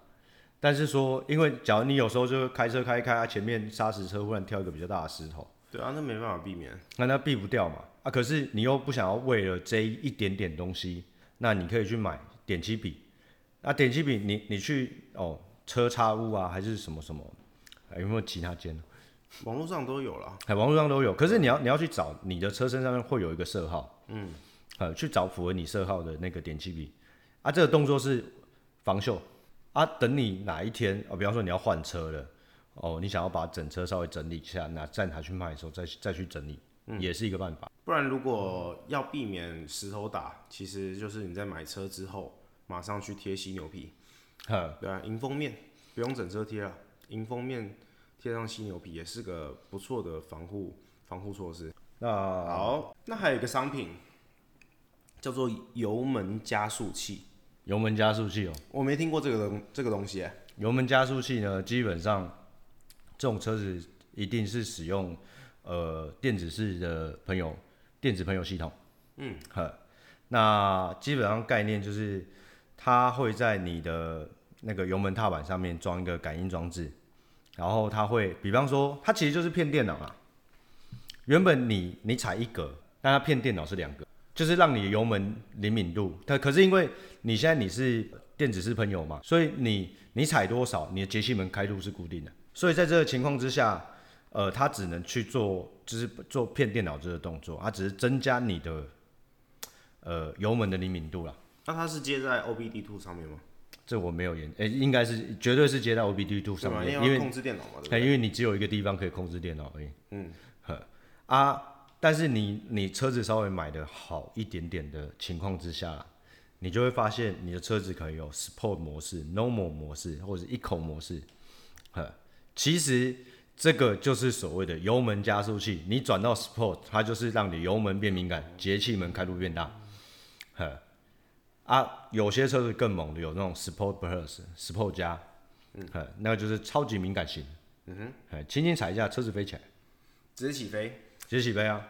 [SPEAKER 1] 但是說，因為假如你有時候就開車開開，啊前面砂石車忽然跳一個比較大的石頭，對啊，那沒辦法避免，那、啊、那避不掉嘛，啊，可是你又不想要為了這一,一點點東西，那你可以去買點漆筆，啊，點漆筆你你去哦，車插物啊還是什麼什麼，還有沒有其他間？
[SPEAKER 2] 網絡上都有了，
[SPEAKER 1] 哎，網絡上都有，可是你要你要去找你的車身上面會有一個色號，嗯，呃，去找符合你色號的那個點漆筆，啊，這個動作是防鏽，啊，等你哪一天，哦，比方說你要換車了，哦，你想要把整車稍微整理一下，那再拿站台去賣的時候再再去整理、嗯，也是一個辦法。
[SPEAKER 2] 不然如果要避免石頭打，其實就是你在買車之後馬上去貼犀牛皮、嗯，對啊，迎風面不用整車貼了，迎風面。貼上犀牛皮也是個不錯的防護防護措施。那好，那還有一個商品叫做
[SPEAKER 1] 油門加速器。油門加速器哦，
[SPEAKER 2] 我沒聽過這個東這個東西。
[SPEAKER 1] 油門加速器呢，基本上這種車子一定是使用呃電子式的噴油電子噴油系統。嗯，呵，那基本上概念就是它會在你的那個油門踏板上面裝一個感應裝置。然後它會，比方說，它其實就是騙電腦啊，原本你你踩一格，但它騙電腦是兩格，就是讓你的油門靈敏度。它可是因為你現在你是電子式噴油嘛，所以你你踩多少，你的節氣門開度是固定的。所以在這個情況之下，呃，它只能去做就是做騙電腦這個動作，它只是增加你的呃油門的靈敏度了。
[SPEAKER 2] 那它是接在 OBD Two 上面嗎？
[SPEAKER 1] 這我沒有言，誒，應該是絕對是接到 OBD2 上面，因為控制電腦嘛，對，對。因為你只有一個地方可以控制電腦而已。嗯啊，但是你你車子稍微買的好一點點的情況之下，你就會發現你的車子可以有 Sport 模式、Normal 模式或者 Eco 模式。其實這個就是所謂的油門加速器，你轉到 Sport，它就是讓你油門變敏感，節氣門開度變大。嗯啊，有些車子更猛的，有那種 Sport Plus、Sport 加，嗯，那個就是超級敏感型，嗯哼，輕輕踩一下車子飛起來，
[SPEAKER 2] 直起飛，
[SPEAKER 1] 直起飛啊！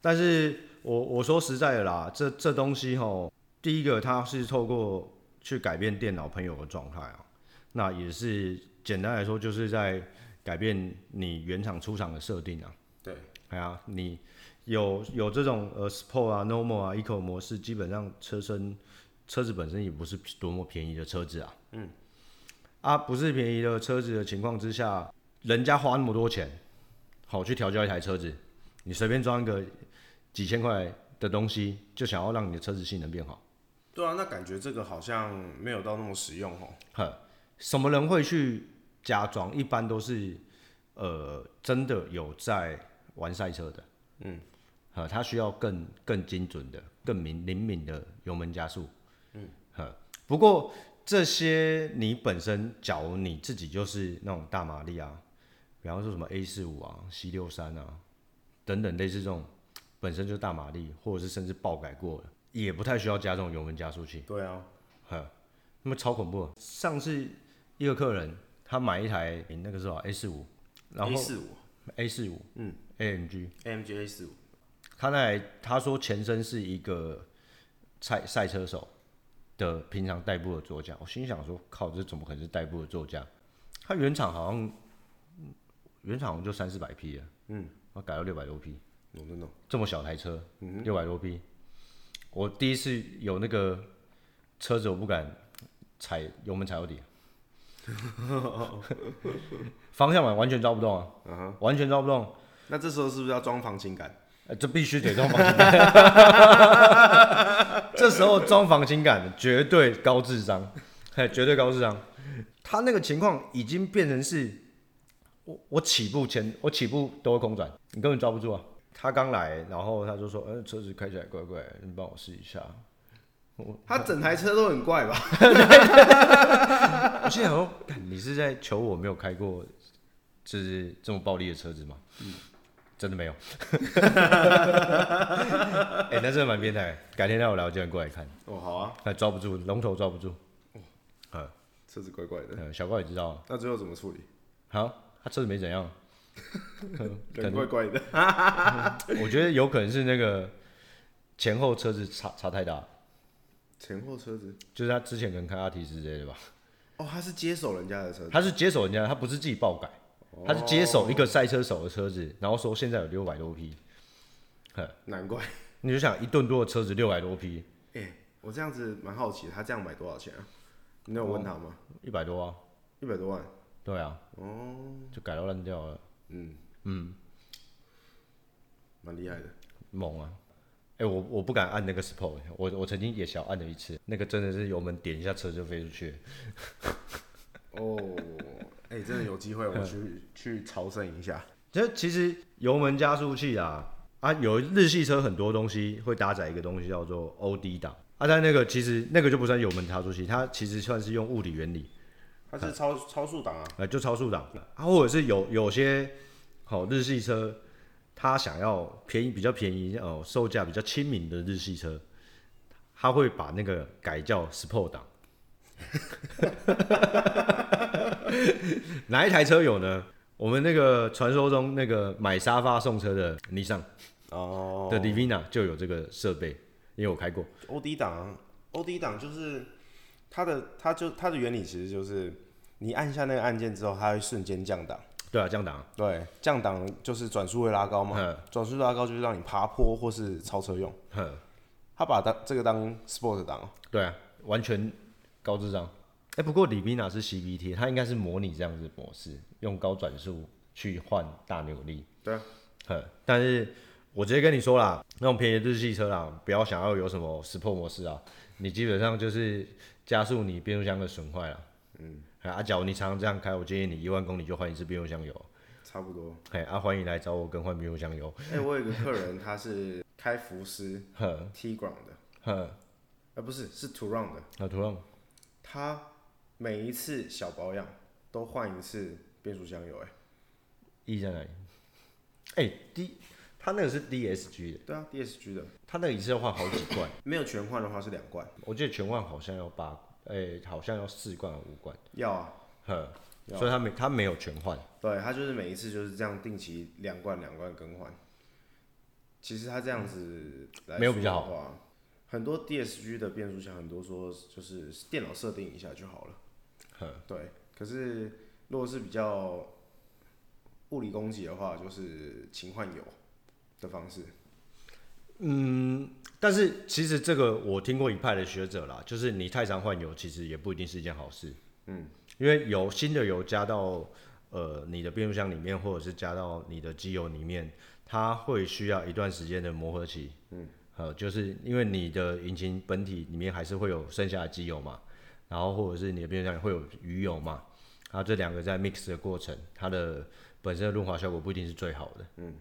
[SPEAKER 1] 但是我我說實在的啦，這這東西吼，第一個它是透過去改變電腦朋友的狀態啊，那也是簡單來說就是在改變你原廠出廠的設定啊。對，哎呀、啊，你有有這種呃 Sport 啊、Normal 啊、Eco 模式，基本上車身。車子本身也不是多麼便宜的車子啊，嗯，啊，不是便宜的車子的情況之下，人家花那麼多錢，好去調教一台車子，你隨便裝一個幾千塊的東西，就想要讓你的車子性能變好？
[SPEAKER 2] 對啊，那感覺這個好像沒有到那麼實用哦。
[SPEAKER 1] 呵，什麼人會去加裝？一般都是，呃，真的有在玩賽車的，嗯，呵，他需要更更精準的、更敏靈敏的油門加速。不過這些，你本身假如你自己就是那種大馬力啊，比方說什麼 A 四五啊、C 六三啊等等，類似這種本身就是大馬力，或者是甚至爆改過的，也不太需要加這種油門加速器。對啊，那麼超恐怖。上次一個客人他買一台，你、欸、那個是吧？A 四五，A45, 然後 A 四五，A 四五，A45、A45, 嗯，AMG，AMG A 四五，他那台他說前身是一個賽賽車手。的平常代步的座駕，我心想說，靠，這怎麼可能是代步的座駕？它原廠好像，原廠就三四百匹啊，嗯，我改了六百多匹，懂不懂？這麼小台車，嗯、六百多匹，我第一次有那個車子，我不敢踩油門踩到底， (laughs)
[SPEAKER 2] (laughs)
[SPEAKER 1] 方向盤完全抓不動啊，啊、uh-huh，完全抓不動，
[SPEAKER 2] 那這時候是不是要
[SPEAKER 1] 裝防傾桿？欸、這必須得裝防傾桿，這時候裝防傾桿絕對高智商，嘿， (laughs) 絕對高智商。他那個情況已經變成是我，我我起步前，我起步都會空轉，你根本抓不住啊。他剛來，然後他就說、欸：“車子開起來怪怪，你幫我試一下。”他整
[SPEAKER 2] 台車都很怪吧？ (laughs) (laughs) 我現在
[SPEAKER 1] 想：你是在求我沒有開過就是這麼暴力的車子嗎？嗯。真的沒有， (laughs) 哎、 (laughs) 欸，那真的蠻變態。改天讓我來，我叫人過來看。哦，好啊。那抓不住，龍頭抓不住。呃、哦嗯，車子怪怪的。嗯，小怪也知道了。那最後怎麼處理？好，他車子沒怎樣， (laughs) 嗯、怪
[SPEAKER 2] 怪的、 (laughs)
[SPEAKER 1] 嗯。我覺得有可能是那個前後車子差差太大。前後車子？就是他之前可能開阿提斯之類的吧？
[SPEAKER 2] 哦，他是接手人家的車子。他是
[SPEAKER 1] 接手人家，他不是自己爆改。他是接手一個賽車手的車子，然後說現在有六百多匹，呵，難怪，你就想一噸多的車子六百多匹，
[SPEAKER 2] 哎、欸，我這樣子蠻好奇，他這樣買多少錢啊？你有問他嗎？oh, 一百多啊，一百多萬，
[SPEAKER 1] 對啊，哦、oh，就改到爛掉了，嗯嗯，蠻厲害的，猛啊，哎、欸，我我不敢按那個 sport，我我曾經也小按了一次，那個真的是油門點一下車就飛出去，哦、
[SPEAKER 2] oh. (laughs) 哎、欸，真的有機會，我
[SPEAKER 1] 去、嗯、去朝聖一下。其實，其實油門加速器啊，啊，有日系車很多東西會搭載一個東西叫做 OD 檔。啊，但那個其實那個就不算油門加速器，它其實算是用物理原理。
[SPEAKER 2] 它是超、啊、超速
[SPEAKER 1] 檔啊，呃、欸，就超速檔。啊，或者是有有些好、哦、日系車，他想要便宜比較便宜哦、呃，售價比較親民的日系車，他會把那個改叫 Sport 檔。 (laughs) (laughs) (laughs) 哪一台車有呢？我們那個傳說中那個買沙發送車的 Nissan 哦、oh, 的 Divina 就有這個設備，因為我開過
[SPEAKER 2] O D 檔，O D 檔就是它的，它就它的原理其實就是你按下那個按鍵之後，它會瞬間降檔。對啊，降檔，對，降檔就是轉速會拉高嘛，轉速拉高就是讓你爬坡或是超車用。
[SPEAKER 1] 哼，
[SPEAKER 2] 他把它這個當 Sport
[SPEAKER 1] 檔，對啊，完全高智商。哎、欸，不過 Livina 是 CVT，它應該是模擬這樣子的模式，用高轉速去換大扭力。對啊，但是我直接跟你說啦，那種便宜日系車啦，不要想要有什麼 Sport 模式啊，你基本上就是加速你變速箱的損壞了。嗯，阿、啊、假如，你常常這樣開，我建議你一萬公里就換一次變速箱油。差不多。嘿、欸，阿、啊、歡迎，你來找我更換變速箱油。哎、欸，
[SPEAKER 2] 我有個客人， (laughs) 他是開福斯，呵，Tiguan 的，
[SPEAKER 1] 呵，啊、
[SPEAKER 2] 呃，不是，是 Touran 的，啊，Touran，他。每一次小保養都換一次變速箱油、欸，
[SPEAKER 1] 哎，E 在哪裡？哎、欸、D，他那個是 DSG 的，對啊，DSG 的，他那個一次要換好幾罐， (coughs) 沒有全換的話是兩罐，我記得全換好像要八，哎，好像要四罐五罐，要啊，哼、啊，所以他沒他沒有全換，
[SPEAKER 2] 對他就是每一次就是這樣定期兩罐兩罐更換，其實他這樣子、嗯、來說的話，沒有比較好。很多 DSG 的變速箱很多說就是電腦設定一下就好了。對，可是如果是比較物理攻擊的話，就是勤換油
[SPEAKER 1] 的方式。嗯，但是其實這個我聽過一派的學者啦，就是你太常換油，其實也不一定是一件好事。嗯，因為有新的油加到呃你的變速箱裡面，或者是加到你的機油裡面，它會需要一段時間的磨合期。嗯，呃，就是因為你的引擎本體裡面還是會有剩下的機油嘛。然後或者是你的，比箱裡會有魚油嘛，啊，這兩個在 mix 的過程，它的本身的潤滑效果不一定是最好的，嗯，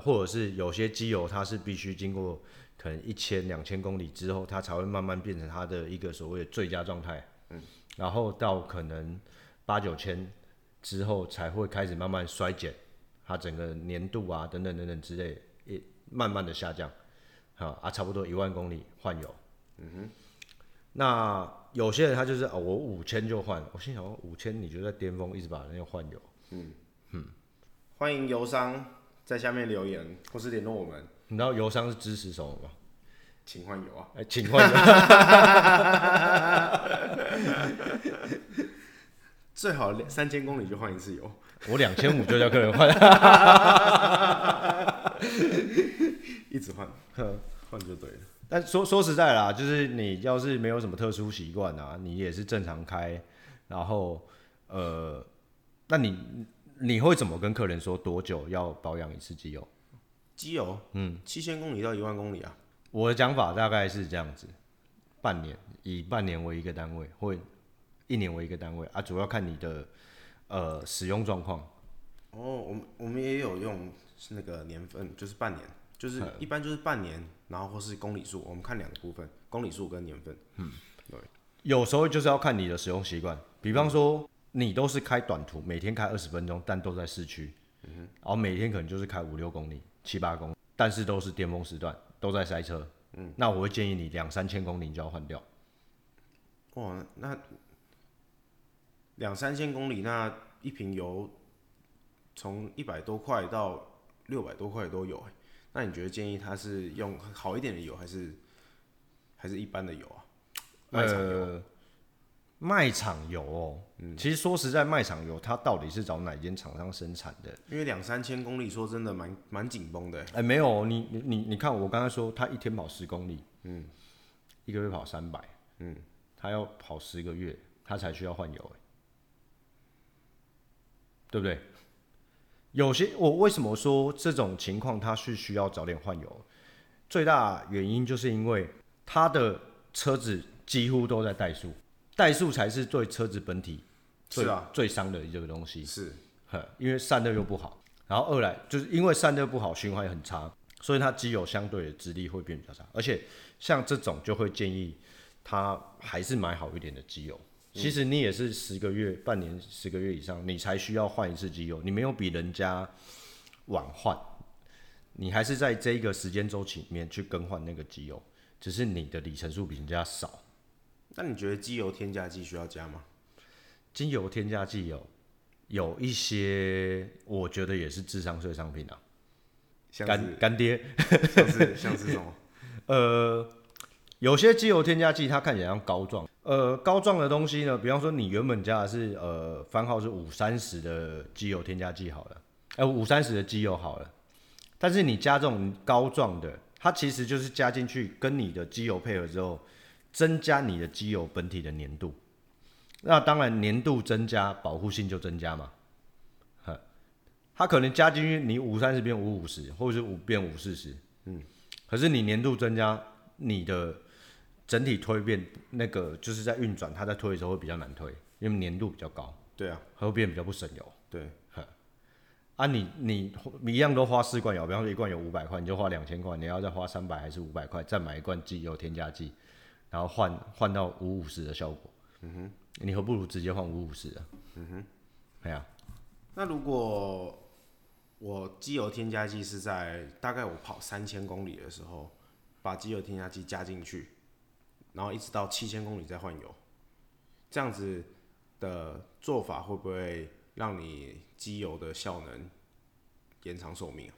[SPEAKER 1] 或者是有些機油它是必須經過可能一千兩千公里之後，它才會慢慢變成它的一個所謂的最佳狀態，嗯，然後到可能八九千之後才會開始慢慢衰減，它整個粘度啊等等等等之類也慢慢的下降，啊，差不多一萬公里換油，嗯哼，那。有些人他就是啊、哦，我五千就換，我心想五千你就在巔峰，一直把那個換油。嗯
[SPEAKER 2] 嗯，歡迎油商在下面留言或
[SPEAKER 1] 是聯絡我們。你知道油商是支持什麼嗎？請換油啊，哎、欸，請換油。 (laughs) (laughs) (laughs) 最好兩三千公里就換一次油， (laughs) 我兩千五就叫客人換， (laughs) (laughs) 一直換換，換 (laughs) 就對了。但說說實在啦，就是你要是沒有什麼特殊習慣啊，你也是正常開，然後呃，那你你會怎麼跟客人說多久要保養一次機油？機油，嗯，七千公里到一萬公里啊。我的講法大概是這樣子，半年，以半年為一個單位，或一年為一個單位啊，主要看你的呃使用狀況。
[SPEAKER 2] 哦，我們我們也有用那個年份，就是半年。就是一般就是半年，然後或是公里數，我們看兩個部分，公里數跟年份。嗯，
[SPEAKER 1] 對，有時候就是要看你的使用習慣，比方說、嗯、你都是開短途，每天開二十分鐘，但都在市區、嗯，然後每天可能就是開五六公里、七八公里，但是都是巔峰時段，都在塞車。嗯，那我會建議你兩三千公里就要換掉。
[SPEAKER 2] 哇，那兩三千公里，那一瓶油從一百多塊到六百多塊都有、欸。那你覺得建議他是用好一點的油，還是還是一般的油啊？賣場
[SPEAKER 1] 油？呃、賣場油哦？、喔，嗯，其實說實在，賣場油它到底是找哪間廠商生產的？因為兩三千公里，說真的，蠻蠻緊繃的、欸。哎、欸，沒有，你你你你看，我剛才說他一天跑十公里，嗯，一個月跑三百，嗯，他要跑十個月，他才需要換油、欸，哎，對不對？有些我為什麼說這種情況它是需要早點換油？最大原因就是因為它的車子幾乎都在怠速，怠速才是對車子本體最、啊、最傷的這個東西。是呵，因為散熱又不好、嗯，然後二來就是因為散熱不好，循環很差、嗯，所以它機油相對的質地會變比較差。而且像這種就會建議他還是買好一點的機油。其實你也是十個月、半年、十個月以上，你才需要換一次機油。你沒有比人家晚換，你還是在這個時間週期裡面去更換那個機油，只是你的里程數比人家少。那你覺得機油添加劑需要加嗎？機油添加劑有有一些，我覺得也是智商稅商品啊。像乾乾爹，像是。 (laughs) 像是像是什麼？呃，有些機油添加劑它看起來像膏狀。呃，膏狀的東西呢，比方說你原本加的是呃番號是五三十的機油添加劑好了，哎五三十的機油好了，但是你加這種膏狀的，它其實就是加進去跟你的機油配合之後，增加你的機油本體的粘度那當然粘度增加，保護性就增加嘛，呵，它可能加進去你五三十變五五十，或者是五變五四十，嗯，可是你黏度增加，你的整體推變那個就是在運轉，它在推的時候會比較難推，因為粘度比較高。對啊，它會變比較不省油。對，啊你，你你一樣都花四罐油，比方說一罐有五百塊，你就花兩千塊，你要再花三百還是五百塊，再買一罐機油添加劑，然後換換到五五十的效果。嗯哼，你何不如直接換五五十的？嗯哼，對啊。
[SPEAKER 2] 那如果我機油添加劑是在大概我跑三千公里的時候，把機油添加劑加進去。然後一直到七千公里再換油，這樣子的做法會不會讓你機油的效能延長壽命啊？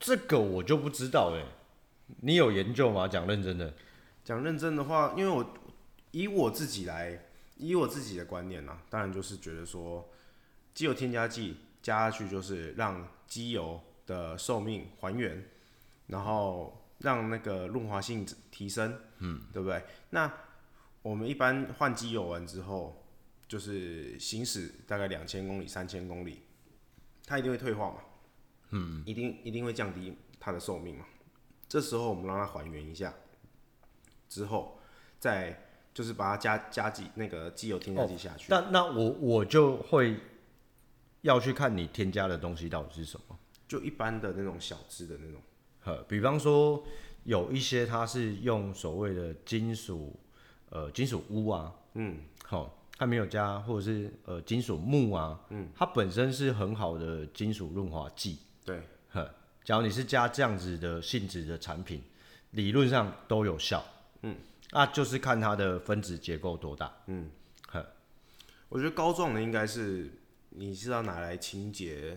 [SPEAKER 2] 這個我就不知道誒，欸，你有研究嗎？講認真的，講認真的話，因為我以我自己來，以我自己的觀念呢，啊，當然就是覺得說，機油添加劑加下去就是讓機油的壽命還原，然後讓那個潤滑性提升，嗯，對不對？那我們一般換機油完之後，就是行駛大概兩千公里、三千公里，它一定會退化嘛，嗯，一定一定會降低它的壽命嘛。這時候我們讓它還原一下，之後
[SPEAKER 1] 再就是把它加加幾那個機油添加劑下去。哦、那那我我就會要去看你添加的東西到底是什麼，就一般的那種
[SPEAKER 2] 小吃的那種，
[SPEAKER 1] 呵，比方說。有一些它是用所謂的金屬，呃，金屬鎢啊，嗯，好、哦，它沒有加，或者是呃，金屬鉬啊，嗯，它本身是很好的金屬潤滑劑，對，呵，假如你是加這樣子的性質的產品，理論上都有效，嗯，那、啊、就是看它的分子結構多大，嗯，
[SPEAKER 2] 我覺得膏狀的應該是，你是要拿來清潔，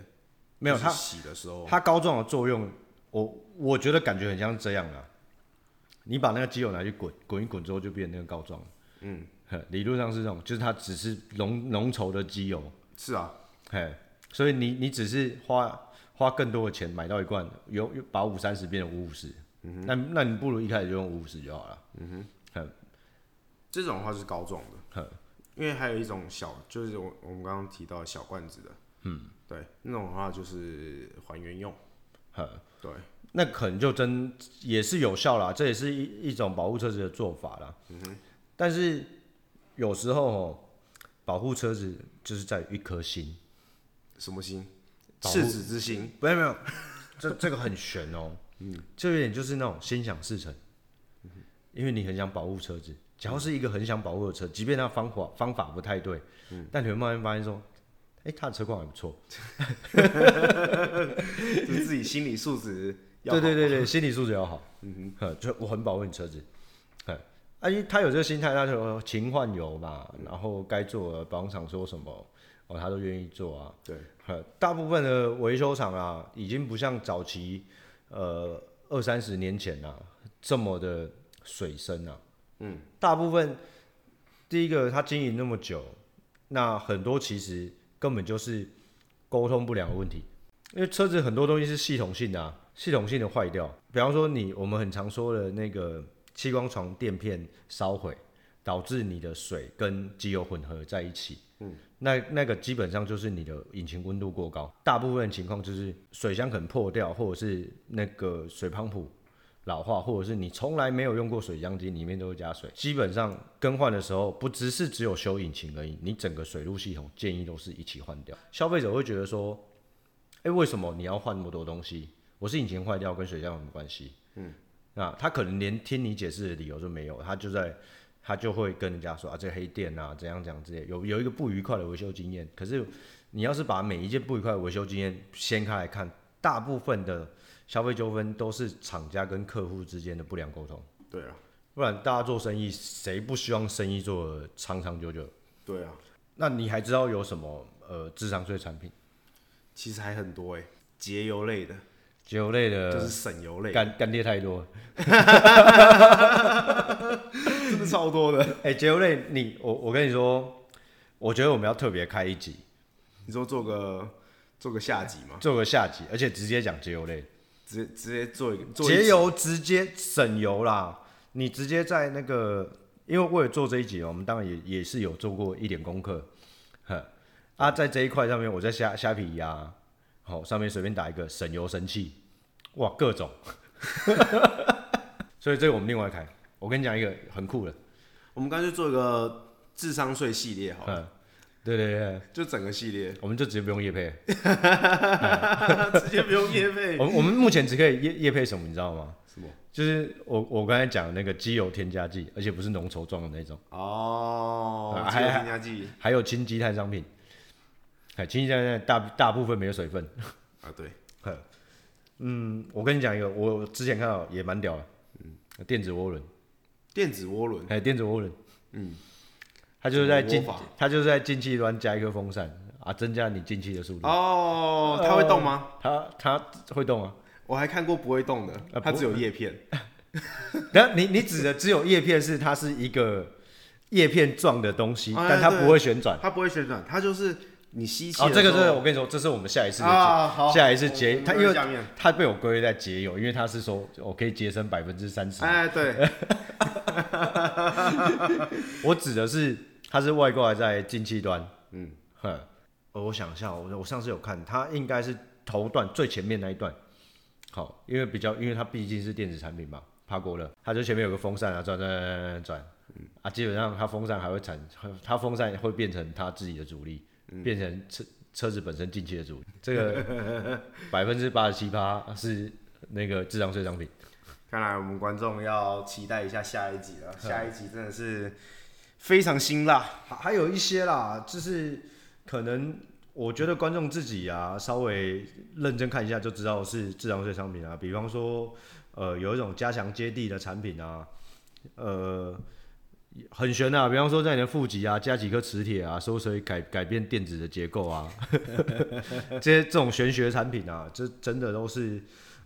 [SPEAKER 1] 沒有它洗的時候，它膏狀的作用。我我覺得感覺很像這樣的，啊，你把那個機油拿去滾滾一滾之後，就變成那個膏狀。嗯，呵，理論上是這種，就是它只是濃濃稠的機油。是啊，嘿，所以你你只是花花更多的錢買到一罐有把五三十變成五五十。嗯哼，那那你不如一開始就用五五十就好了。嗯哼，呵，這種的話是膏狀的。呵，嗯，因為還有一種小，就是我我們
[SPEAKER 2] 剛剛提到的小罐子的。
[SPEAKER 1] 嗯，
[SPEAKER 2] 對，那種的話就是還原用。
[SPEAKER 1] 呵。對，那可能就真也是有效啦，這也是一一種保護車子的做法啦。嗯、但是有時候哦、喔，保護車子就是在一顆心，什麼心？赤子之心？沒有沒有， (laughs) 這這個很玄哦、喔。嗯，這有點就是那種心想事成。嗯，因為你很想保護車子，只要是一個很想保護的車，嗯、即便它方法方法不太對，嗯，但你會慢慢發現說。哎、欸，他的車況還不錯， (laughs) (laughs) 就是自己心理素質要好不好？對，對對對，心理素質要好。嗯哼，就我很保護你車子，哎，啊、他有這個心態，他就勤換油吧。然後該做的保養廠說什麼，哦，他都願意做啊。對，大部分的維修廠啊，已經不像早期呃二三十年前吶、啊、這麼的水深啊。嗯，大部分第一個他經營那麼久，那很多其實。根本就是溝通不了的問題、嗯，因為車子很多東西是系統性的、啊，系統性的壞掉。比方說你，你我們很常說的那個氣缸床墊片燒毀，導致你的水跟機油混合在一起，嗯，那那個基本上就是你的引擎溫度過高。大部分的情況就是水箱可能破掉，或者是那個水泵浦，老化，或者是你從來沒有用過水箱精，裡面都會加水。基本上更換的時候，不只是只有修引擎而已，你整個水路系統建議都是一起換掉。消費者會覺得說：“誒、欸，為什麼你要換那麼多東西？我是引擎壞掉，跟水箱有什麼關係？”嗯，那他可能連聽你解釋的理由都沒有，他就在他就會跟人家說啊，這個、黑店啊，怎樣怎樣之類。有有一個不愉快的維修經驗。可是你要是把每一件不愉快的維修經驗掀開來看，大部分的。消費糾紛都是廠家跟客戶之間的不良溝通。對啊，不然大家做生意，誰不希望生意做得長長久久？對啊。那你還知道有什麼呃智商稅產品？其實還很多誒、欸、節油類的，節油類的，就是省油類，干乾爹太多了，哈哈哈真的超多的。哎、欸，節油類，你我我跟你說，我覺得我們要特別開一集，你說做個做個下集嗎？做個下集，而且直接講節油類。直接
[SPEAKER 2] 直接做一個節油，
[SPEAKER 1] 直接省油啦！你直接在那個，因為為了做這一集、喔，我們當然也也是有做過一點功課，啊，在這一塊上面，我在蝦蝦皮呀、啊，好、喔，上面隨便打一個省油神器，哇，各種， (laughs) (laughs) 所以這個我們另外開，我跟你講一個很酷的，
[SPEAKER 2] 我們乾脆做一個智商稅系列好了，
[SPEAKER 1] 好。對對對，就整個系列，我們就直接不用業配， (laughs) 直接
[SPEAKER 2] 不用業配。我 (laughs) 我們目
[SPEAKER 1] 前只可以業、業配什麼，你知道嗎？什麼？就是我我剛才講的那個機油添加劑，而且不是濃稠狀的那種。哦，機油添加劑，還有清積碳商品。哎，清積碳大大部分沒有水分。啊，對。 (laughs) 嗯，我跟你講一個，我之前看到也蠻屌的。嗯，電子渦輪。電子渦輪，還、欸、電子渦輪。嗯。它就是在進，它就是在進氣端加一個風扇啊，增加你進氣的速度。哦、
[SPEAKER 2] oh, 呃，它會動嗎？
[SPEAKER 1] 它它會動啊！我還看過不會動的，啊、它只有葉片。然、啊、 (laughs) 你你指的只有葉片，是它是一個葉片狀的東西，oh, 但它不會旋轉、right,
[SPEAKER 2] right,。它不會旋轉，它就是
[SPEAKER 1] 你吸氣。哦、oh,，這個是我跟你說，這是我們下一次的、oh,，下一次節，它因為下面它被我歸類在節油，因為它是說我可以節省百分之三十。哎，對。我指的是。它是外掛在進氣端，嗯，哼、哦，我想一下，我我上次有看，它應該是頭段最前面那一段，好、哦，因為比較，因為它畢竟是電子產品嘛，怕過了它就前面有個風扇啊，轉轉轉轉轉，啊，基本上它風扇還會產，它風扇會變成它自己的阻力、嗯，變成車車子本身進氣的阻力，這個百分之八十七趴是那個智商稅商品，
[SPEAKER 2] 看來我們觀眾要期待一下下一集了，嗯、下一集
[SPEAKER 1] 真的是。非常辛辣，還有一些啦，就是可能我覺得觀眾自己啊，稍微認真看一下就知道是智商稅商品啊。比方說，呃，有一種加強接地的產品啊，呃，很玄的啊，比方說在你的負極啊加幾顆磁鐵啊，說可以改改變電子的結構啊，這 (laughs) 些 (laughs) 這種玄學產品啊，這真的都是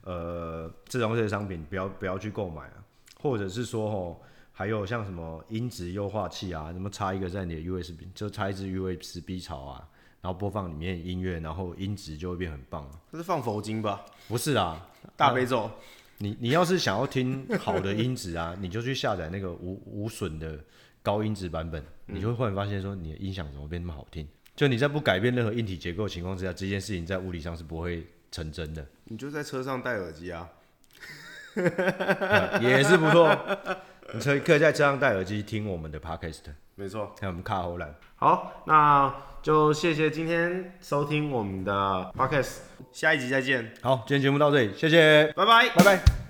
[SPEAKER 1] 呃智商稅商品，不要不要去購買啊，或者是說哦。還有像什麼音質優化器啊，什麼插一個在你的 U S B，就插一支 U S B 槽啊，然後播放裡面音樂，然後音質就會變很棒。這是放佛經吧？不是啊，大悲咒。呃、你你要是想要聽好的音質啊， (laughs) 你就去下載那個無無損的高音質版本，嗯，你就會忽然發現說你的音響怎麼變那麼好聽。就你在不改變任何硬體結構的情況之下，這件事情在物理上是不會成真的。
[SPEAKER 2] 你就在車上戴耳機啊， (laughs) 嗯，也是不錯。
[SPEAKER 1] 你可可以在車上戴耳機聽我們的 Podcast，沒錯，還有我們卡喉蘭。好，那就謝謝今天收聽我們的 Podcast，
[SPEAKER 2] 下一集再見。
[SPEAKER 1] 好，今天節目到這裡，謝謝，
[SPEAKER 2] 拜拜，拜拜。